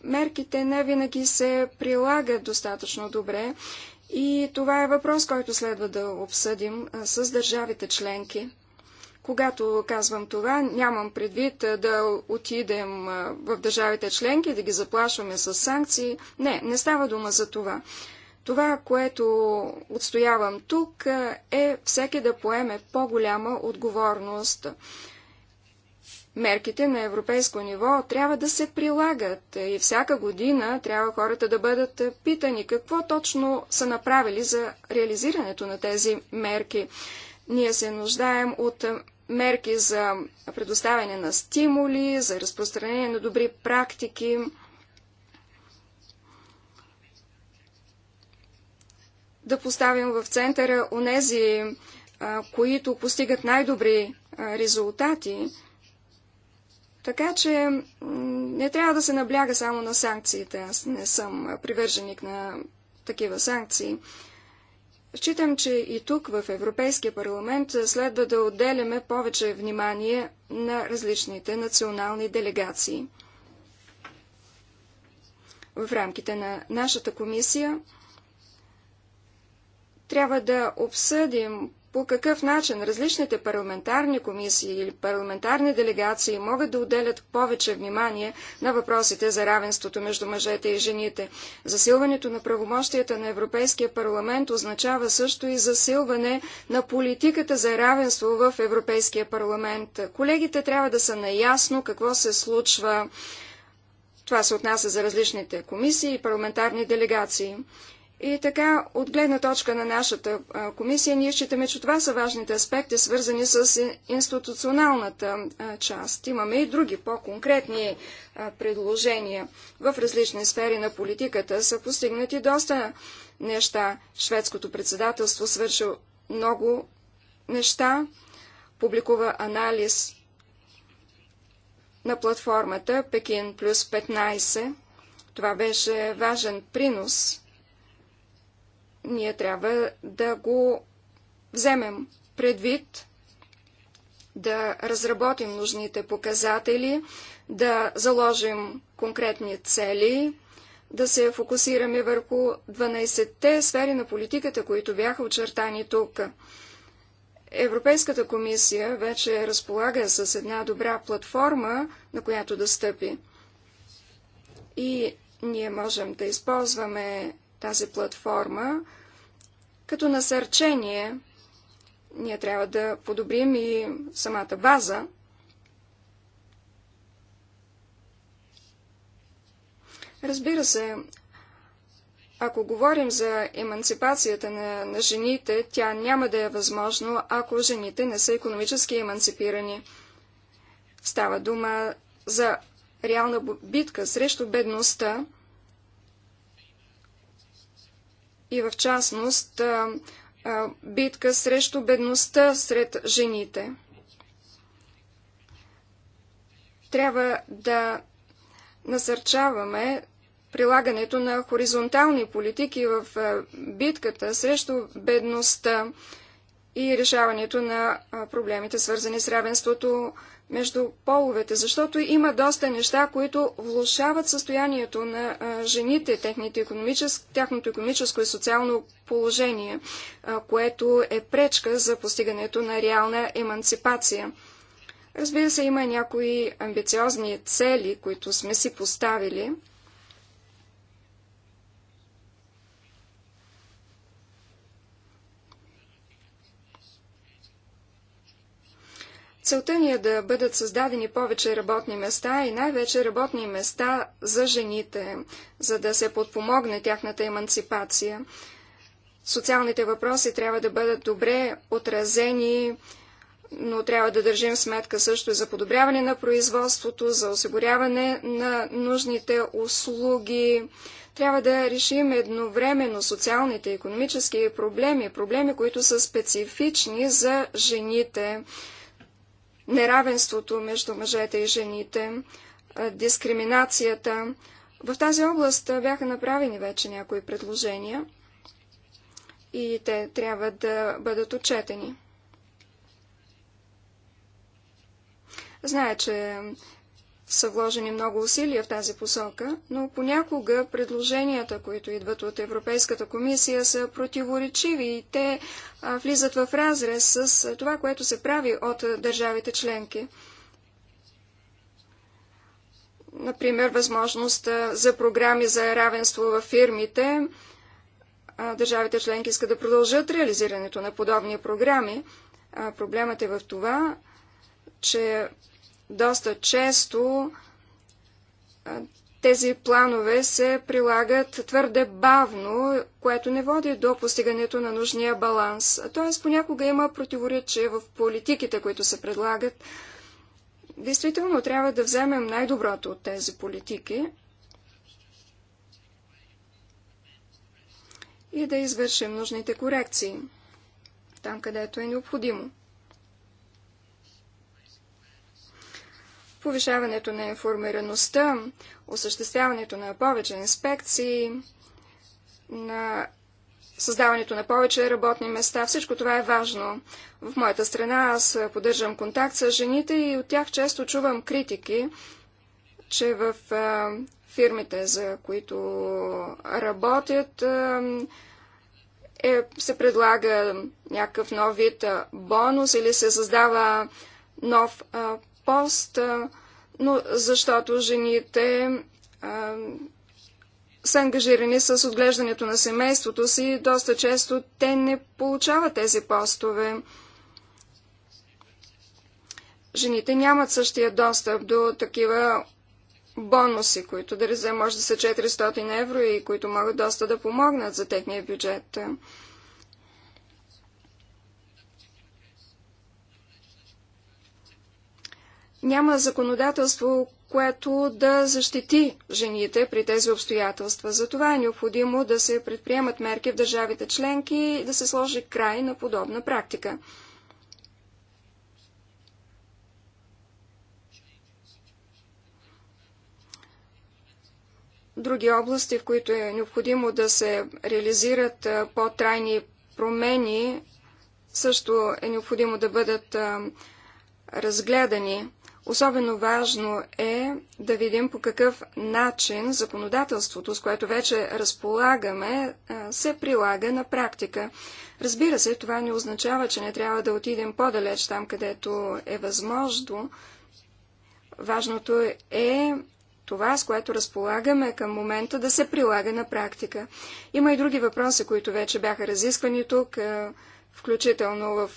мерките не винаги се прилагат достатъчно добре и това е въпрос, който следва да обсъдим с държавите членки. Когато казвам това, нямам предвид да отидем в държавите членки, да ги заплашваме с санкции. Не, не става дума за това. Това, което отстоявам тук, е, е всеки да поеме по-голяма отговорност. Мерките на европейско ниво трябва да се прилагат и всяка година трябва хората да бъдат питани какво точно са направили за реализирането на тези мерки. Ние се нуждаем от мерки за предоставяне на стимули, за разпространение на добри практики. да поставим в центъра онези, които постигат най-добри резултати. Така че не трябва да се набляга само на санкциите. Аз не съм привърженик на такива санкции. Считам, че и тук в Европейския парламент следва да отделяме повече внимание на различните национални делегации. В рамките на нашата комисия трябва да обсъдим по какъв начин различните парламентарни комисии или парламентарни делегации могат да отделят повече внимание на въпросите за равенството между мъжете и жените. Засилването на правомощията на Европейския парламент означава също и засилване на политиката за равенство в Европейския парламент. Колегите трябва да са наясно какво се случва. Това се отнася за различните комисии и парламентарни делегации. И така, от гледна точка на нашата комисия, ние считаме, че това са важните аспекти, свързани с институционалната част. Имаме и други по-конкретни предложения. В различни сфери на политиката са постигнати доста неща. Шведското председателство свърши много неща, публикува анализ на платформата Пекин плюс 15. Това беше важен принос ние трябва да го вземем предвид, да разработим нужните показатели, да заложим конкретни цели, да се фокусираме върху 12-те сфери на политиката, които бяха очертани тук. Европейската комисия вече разполага с една добра платформа, на която да стъпи. И ние можем да използваме тази платформа. Като насърчение ние трябва да подобрим и самата база. Разбира се, ако говорим за еманципацията на, на жените, тя няма да е възможно, ако жените не са економически еманципирани. Става дума за реална битка срещу бедността, и в частност битка срещу бедността сред жените. Трябва да насърчаваме прилагането на хоризонтални политики в битката срещу бедността и решаването на проблемите, свързани с равенството между половете, защото има доста неща, които влушават състоянието на а, жените, техните тяхното економическо и социално положение, а, което е пречка за постигането на реална еманципация. Разбира се, има някои амбициозни цели, които сме си поставили – Целта ни е да бъдат създадени повече работни места и най-вече работни места за жените, за да се подпомогне тяхната емансипация. Социалните въпроси трябва да бъдат добре отразени, но трябва да държим сметка също за подобряване на производството, за осигуряване на нужните услуги. Трябва да решим едновременно социалните и економически проблеми, проблеми, които са специфични за жените неравенството между мъжете и жените, дискриминацията. В тази област бяха направени вече някои предложения и те трябва да бъдат отчетени. Знае, че са вложени много усилия в тази посока, но понякога предложенията, които идват от Европейската комисия, са противоречиви и те а, влизат в разрез с това, което се прави от държавите членки. Например, възможност за програми за равенство в фирмите. Държавите членки искат да продължат реализирането на подобни програми. Проблемът е в това, че доста често тези планове се прилагат твърде бавно, което не води до постигането на нужния баланс. Т.е. понякога има противоречие в политиките, които се предлагат. Действително трябва да вземем най-доброто от тези политики и да извършим нужните корекции там, където е необходимо. повишаването на информираността, осъществяването на повече инспекции, на създаването на повече работни места. Всичко това е важно. В моята страна аз поддържам контакт с жените и от тях често чувам критики, че в фирмите, за които работят, е, се предлага някакъв нов вид бонус или се създава нов а, пост, но защото жените а, са ангажирани с отглеждането на семейството си, доста често те не получават тези постове. Жените нямат същия достъп до такива бонуси, които да резе може да са 400 евро и които могат доста да помогнат за техния бюджет. Няма законодателство, което да защити жените при тези обстоятелства. Затова е необходимо да се предприемат мерки в държавите членки и да се сложи край на подобна практика. Други области, в които е необходимо да се реализират по-трайни промени, също е необходимо да бъдат разгледани. Особено важно е да видим по какъв начин законодателството, с което вече разполагаме, се прилага на практика. Разбира се, това не означава, че не трябва да отидем по-далеч там, където е възможно. Важното е това, с което разполагаме към момента, да се прилага на практика. Има и други въпроси, които вече бяха разисквани тук включително в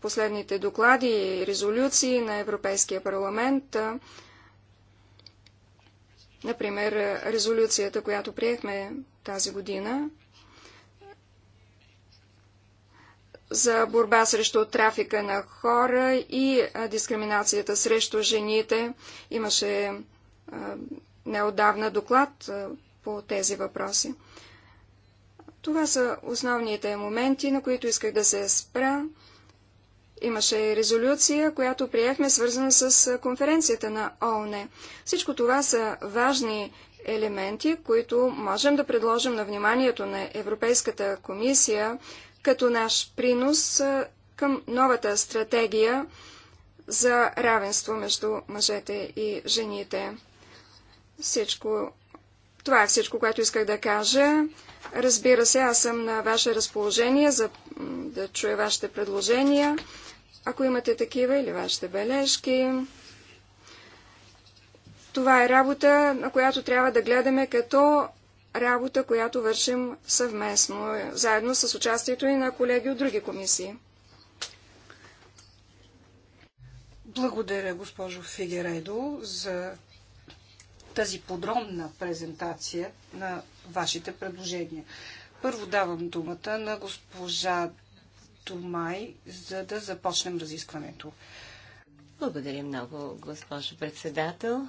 последните доклади и резолюции на Европейския парламент. Например, резолюцията, която приехме тази година за борба срещу трафика на хора и дискриминацията срещу жените. Имаше неодавна доклад по тези въпроси. Това са основните моменти, на които исках да се спра. Имаше и резолюция, която приехме, свързана с конференцията на ООН. Всичко това са важни елементи, които можем да предложим на вниманието на Европейската комисия като наш принос към новата стратегия за равенство между мъжете и жените. Всичко това е всичко, което исках да кажа. Разбира се, аз съм на ваше разположение за да чуя вашите предложения. Ако имате такива или вашите бележки, това е работа, на която трябва да гледаме като работа, която вършим съвместно, заедно с участието и на колеги от други комисии. Благодаря, госпожо Фигерайдо, за тази подробна презентация на вашите предложения. Първо давам думата на госпожа Томай, за да започнем разискването. Благодаря много, госпожо председател.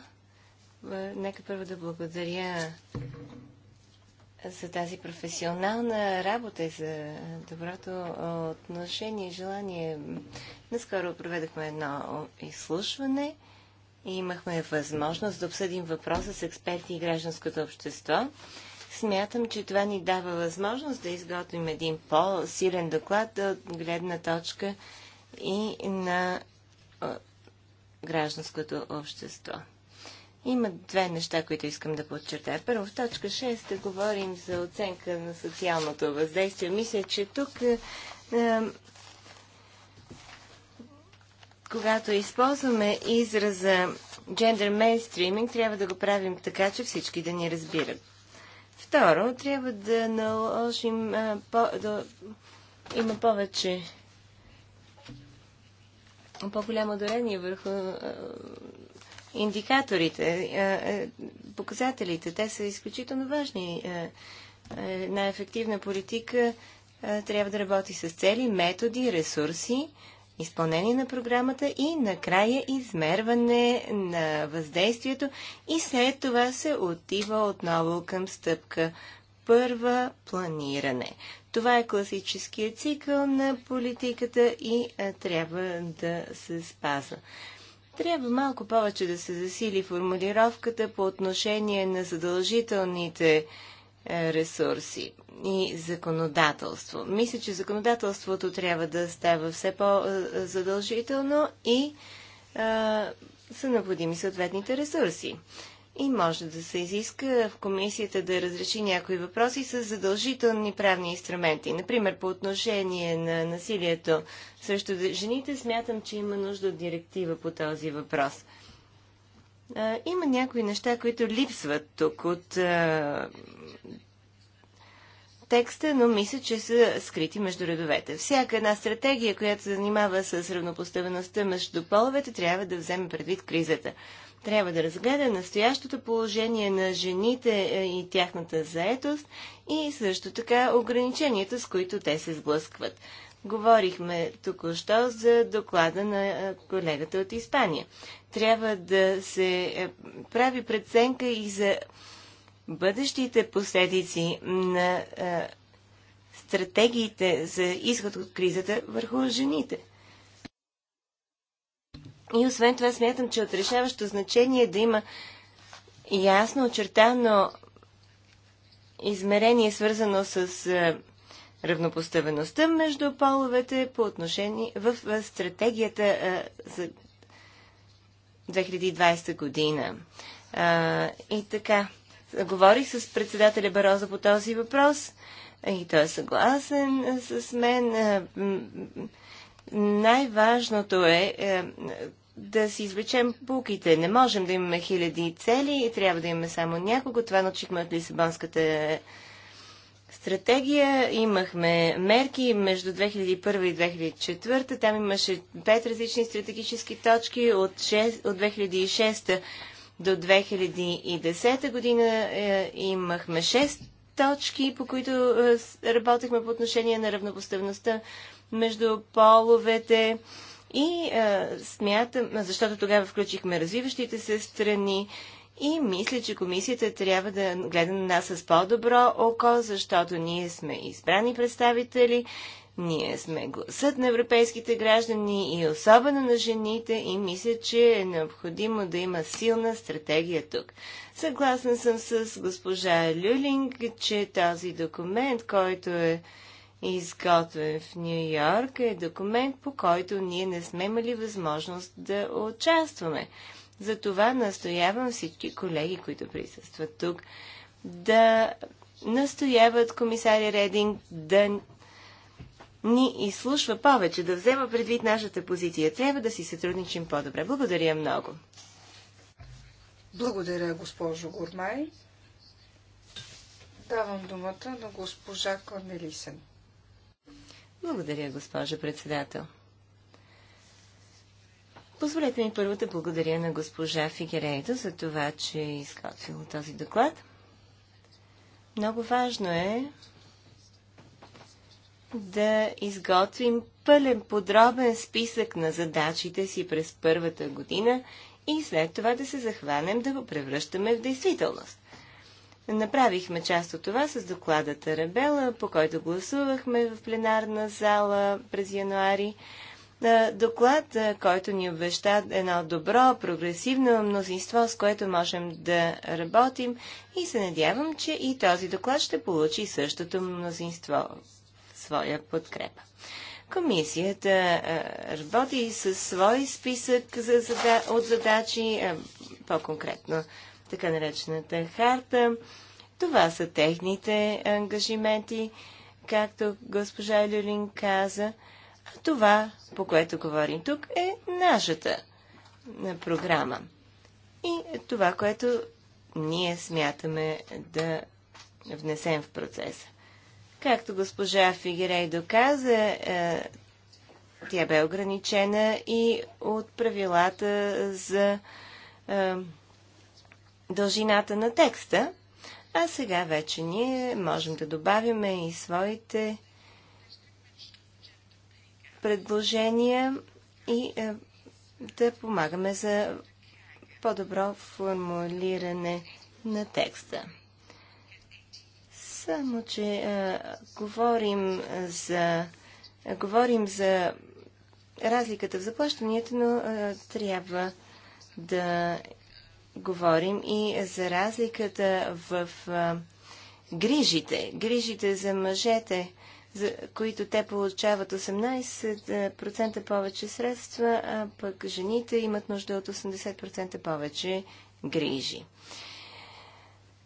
Нека първо да благодаря за тази професионална работа и за доброто отношение и желание. Наскоро проведохме едно изслушване – и имахме възможност да обсъдим въпроса с експерти и гражданското общество. Смятам, че това ни дава възможност да изготвим един по-силен доклад от гледна точка и на гражданското общество. Има две неща, които искам да подчертая. Първо, в точка 6 да говорим за оценка на социалното въздействие. Мисля, че тук е, е, когато използваме израза gender mainstreaming, трябва да го правим така, че всички да ни разбират. Второ, трябва да наложим а, по, да, има повече по-голямо дарение върху а, индикаторите, а, показателите. Те са изключително важни. Най-ефективна политика трябва да работи с цели, методи, ресурси, изпълнение на програмата и накрая измерване на въздействието и след това се отива отново към стъпка първа планиране. Това е класическия цикъл на политиката и трябва да се спазва. Трябва малко повече да се засили формулировката по отношение на задължителните е, ресурси и законодателство. Мисля, че законодателството трябва да става все по-задължително и а, са необходими съответните ресурси. И може да се изиска в комисията да разреши някои въпроси с задължителни правни инструменти. Например, по отношение на насилието срещу жените, смятам, че има нужда от директива по този въпрос – има някои неща, които липсват тук от а, текста, но мисля, че са скрити между редовете. Всяка една стратегия, която се занимава с равнопоставеността между половете, трябва да вземе предвид кризата. Трябва да разгледа настоящото положение на жените и тяхната заетост и също така ограниченията, с които те се сблъскват. Говорихме току-що за доклада на колегата от Испания. Трябва да се е, прави преценка и за бъдещите последици на стратегиите за изход от кризата върху жените. И освен това смятам, че отрешаващо значение е да има ясно очертано измерение, свързано с а, равнопоставеността между половете по отношение в стратегията за 2020 година. И така, говорих с председателя Бароза по този въпрос и той е съгласен с мен. Най-важното е да си извлечем пуките. Не можем да имаме хиляди цели и трябва да имаме само няколко. Това научихме от Лисабонската стратегия, имахме мерки между 2001 и 2004. Там имаше пет различни стратегически точки от, 6, от 2006 до 2010 година. Е, имахме 6 точки, по които е, работехме по отношение на равнопоставността между половете. И е, смятам, защото тогава включихме развиващите се страни, и мисля, че комисията трябва да гледа на нас с по-добро око, защото ние сме избрани представители, ние сме гласът на европейските граждани и особено на жените и мисля, че е необходимо да има силна стратегия тук. Съгласна съм с госпожа Люлинг, че този документ, който е изготвен в Нью Йорк, е документ, по който ние не сме имали възможност да участваме. Затова настоявам всички колеги, които присъстват тук, да настояват комисаря Рединг да ни изслушва повече, да взема предвид нашата позиция. Трябва да си сътрудничим по-добре. Благодаря много. Благодаря, госпожо Гурмай. Давам думата на госпожа Корнелисен. Благодаря, госпожо председател. Позволете ми първо да благодаря на госпожа Фигерейдо за това, че е изготвила този доклад. Много важно е да изготвим пълен подробен списък на задачите си през първата година и след това да се захванем да го превръщаме в действителност. Направихме част от това с докладата Ребела, по който гласувахме в пленарна зала през януари доклад, който ни обеща едно добро, прогресивно мнозинство, с което можем да работим и се надявам, че и този доклад ще получи същото мнозинство в своя подкрепа. Комисията работи със свой списък за зада... от задачи, по-конкретно така наречената харта. Това са техните ангажименти, както госпожа Люлин каза – това, по което говорим тук, е нашата е, програма. И това, което ние смятаме да внесем в процеса. Както госпожа Фигерей доказа, е, тя бе ограничена и от правилата за е, дължината на текста, а сега вече ние можем да добавим и своите предложения и е, да помагаме за по-добро формулиране на текста. Само, че а, е, говорим за е, говорим за разликата в заплащането, но а, трябва да говорим и за разликата в а, грижите. Грижите за мъжете за които те получават 18% повече средства, а пък жените имат нужда от 80% повече грижи.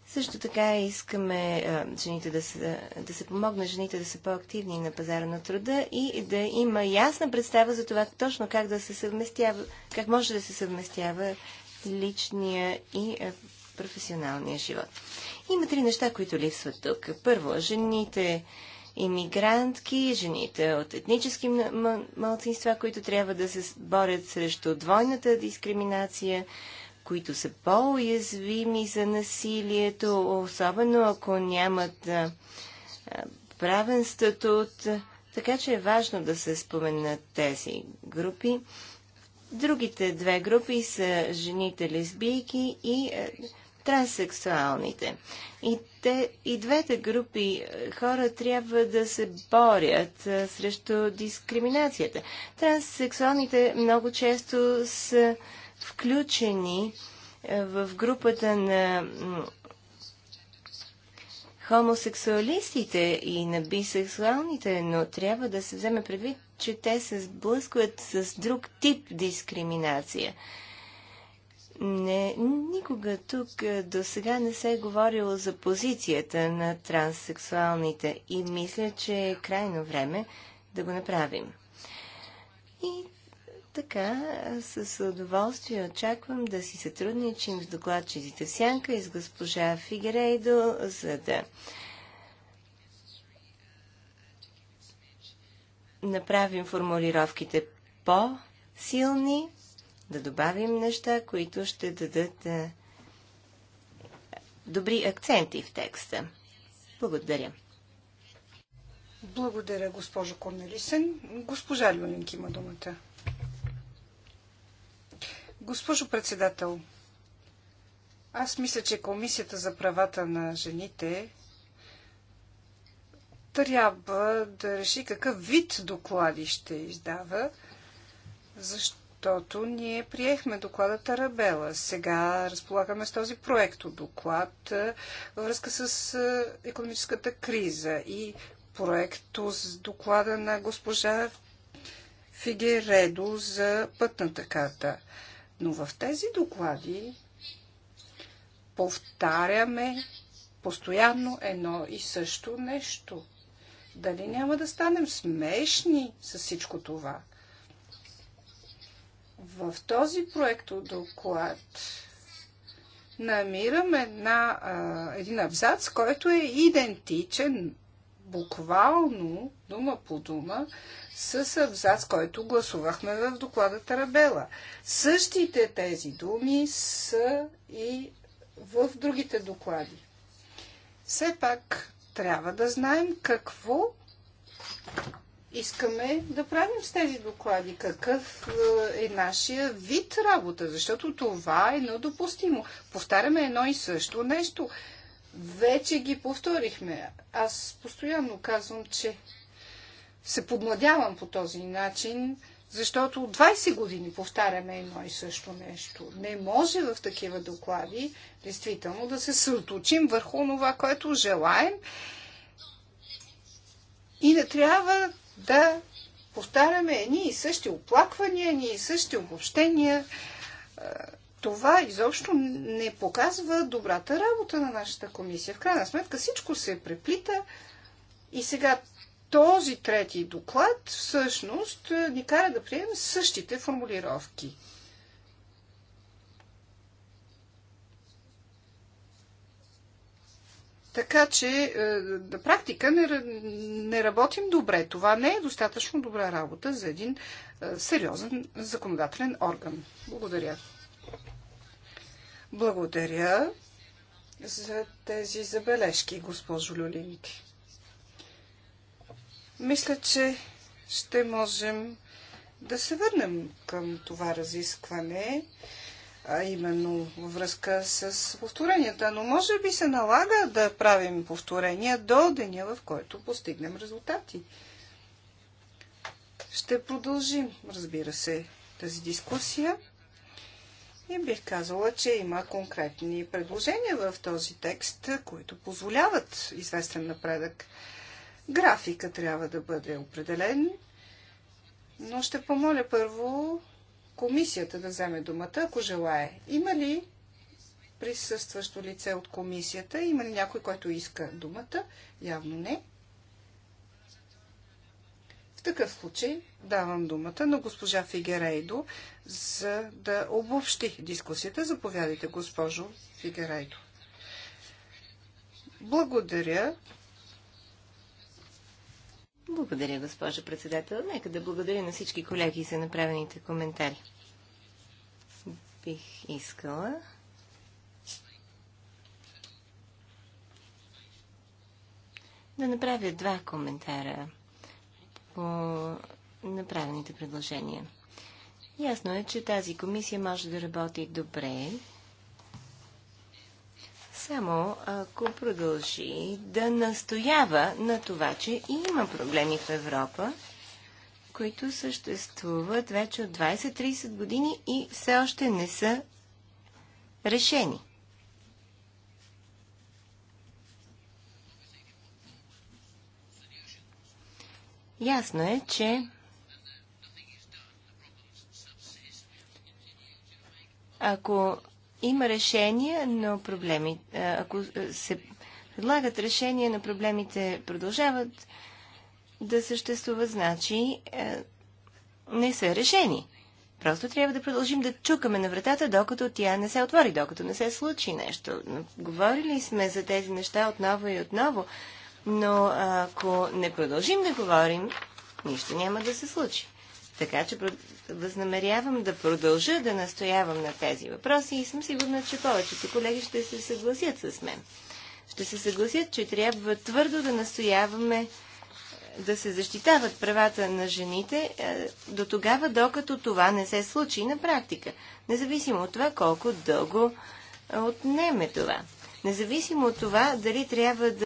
Също така искаме а, жените да, са, да се помогна жените да са по-активни на пазара на труда и да има ясна представа за това точно как да се съвместява, как може да се съвместява личния и професионалния живот. Има три неща, които липсват тук. Първо, жените иммигрантки, жените от етнически малцинства, които трябва да се борят срещу двойната дискриминация, които са по-уязвими за насилието, особено ако нямат правен статут. Така че е важно да се споменат тези групи. Другите две групи са жените лесбийки и Трансексуалните И, те, и двете групи е, хора трябва да се борят е, срещу дискриминацията. Транссексуалните много често са включени е, в групата на хомосексуалистите и на бисексуалните, но трябва да се вземе предвид, че те се сблъскват с друг тип дискриминация – не, никога тук до сега не се е говорило за позицията на транссексуалните и мисля, че е крайно време да го направим. И така, с удоволствие очаквам да си сътрудничим с докладчиците в Сянка и с госпожа Фигерейдо, за да направим формулировките по-силни да добавим неща, които ще дадат а, е, добри акценти в текста. Благодаря. Благодаря, госпожо Корнелисен. Госпожа Люлинг има думата. Госпожо председател, аз мисля, че Комисията за правата на жените трябва да реши какъв вид доклади ще издава, защото защото ние приехме доклада Тарабела. Сега разполагаме с този проект от доклад е, във връзка с е, економическата криза и проекто с доклада на госпожа Фигередо за пътната карта. Но в тези доклади повтаряме постоянно едно и също нещо. Дали няма да станем смешни с всичко това? В този от доклад намирам една, а, един абзац, който е идентичен буквално, дума по дума, с абзац, който гласувахме в доклада Тарабела. Същите тези думи са и в другите доклади. Все пак трябва да знаем какво искаме да правим с тези доклади? Какъв е, е нашия вид работа? Защото това е недопустимо. Повтаряме едно и също нещо. Вече ги повторихме. Аз постоянно казвам, че се подмладявам по този начин, защото 20 години повтаряме едно и също нещо. Не може в такива доклади действително да се съоточим върху това, което желаем и не трябва да повтаряме едни и същи оплаквания, едни и същи обобщения. Е, това изобщо не показва добрата работа на нашата комисия. В крайна сметка всичко се преплита и сега този трети доклад всъщност е, ни кара да приемем същите формулировки. Така че е, на практика не, не работим добре. Това не е достатъчно добра работа за един е, сериозен законодателен орган. Благодаря. Благодаря за тези забележки, госпожо Люлинки. Мисля, че ще можем да се върнем към това разискване а именно във връзка с повторенията. Но може би се налага да правим повторения до деня, в който постигнем резултати. Ще продължим, разбира се, тази дискусия. И бих казала, че има конкретни предложения в този текст, които позволяват известен напредък. Графика трябва да бъде определен, но ще помоля първо комисията да вземе думата, ако желая. Има ли присъстващо лице от комисията? Има ли някой, който иска думата? Явно не. В такъв случай давам думата на госпожа Фигерейдо, за да обобщи дискусията. Заповядайте, госпожо Фигерейдо. Благодаря. Благодаря, госпожа председател. Нека да благодаря на всички колеги за направените коментари. Бих искала да направя два коментара по направените предложения. Ясно е, че тази комисия може да работи добре само ако продължи да настоява на това, че има проблеми в Европа, които съществуват вече от 20-30 години и все още не са решени. Ясно е, че ако има решения, но проблеми, ако се предлагат решения на проблемите продължават да съществуват, значи не са решени. Просто трябва да продължим да чукаме на вратата, докато тя не се отвори, докато не се случи нещо. Говорили сме за тези неща отново и отново, но ако не продължим да говорим, нищо няма да се случи. Така че възнамерявам да продължа да настоявам на тези въпроси и съм сигурна, че повечето колеги ще се съгласят с мен. Ще се съгласят, че трябва твърдо да настояваме е, да се защитават правата на жените е, до тогава, докато това не се случи на практика, независимо от това колко дълго е, отнеме това. Независимо от това дали трябва да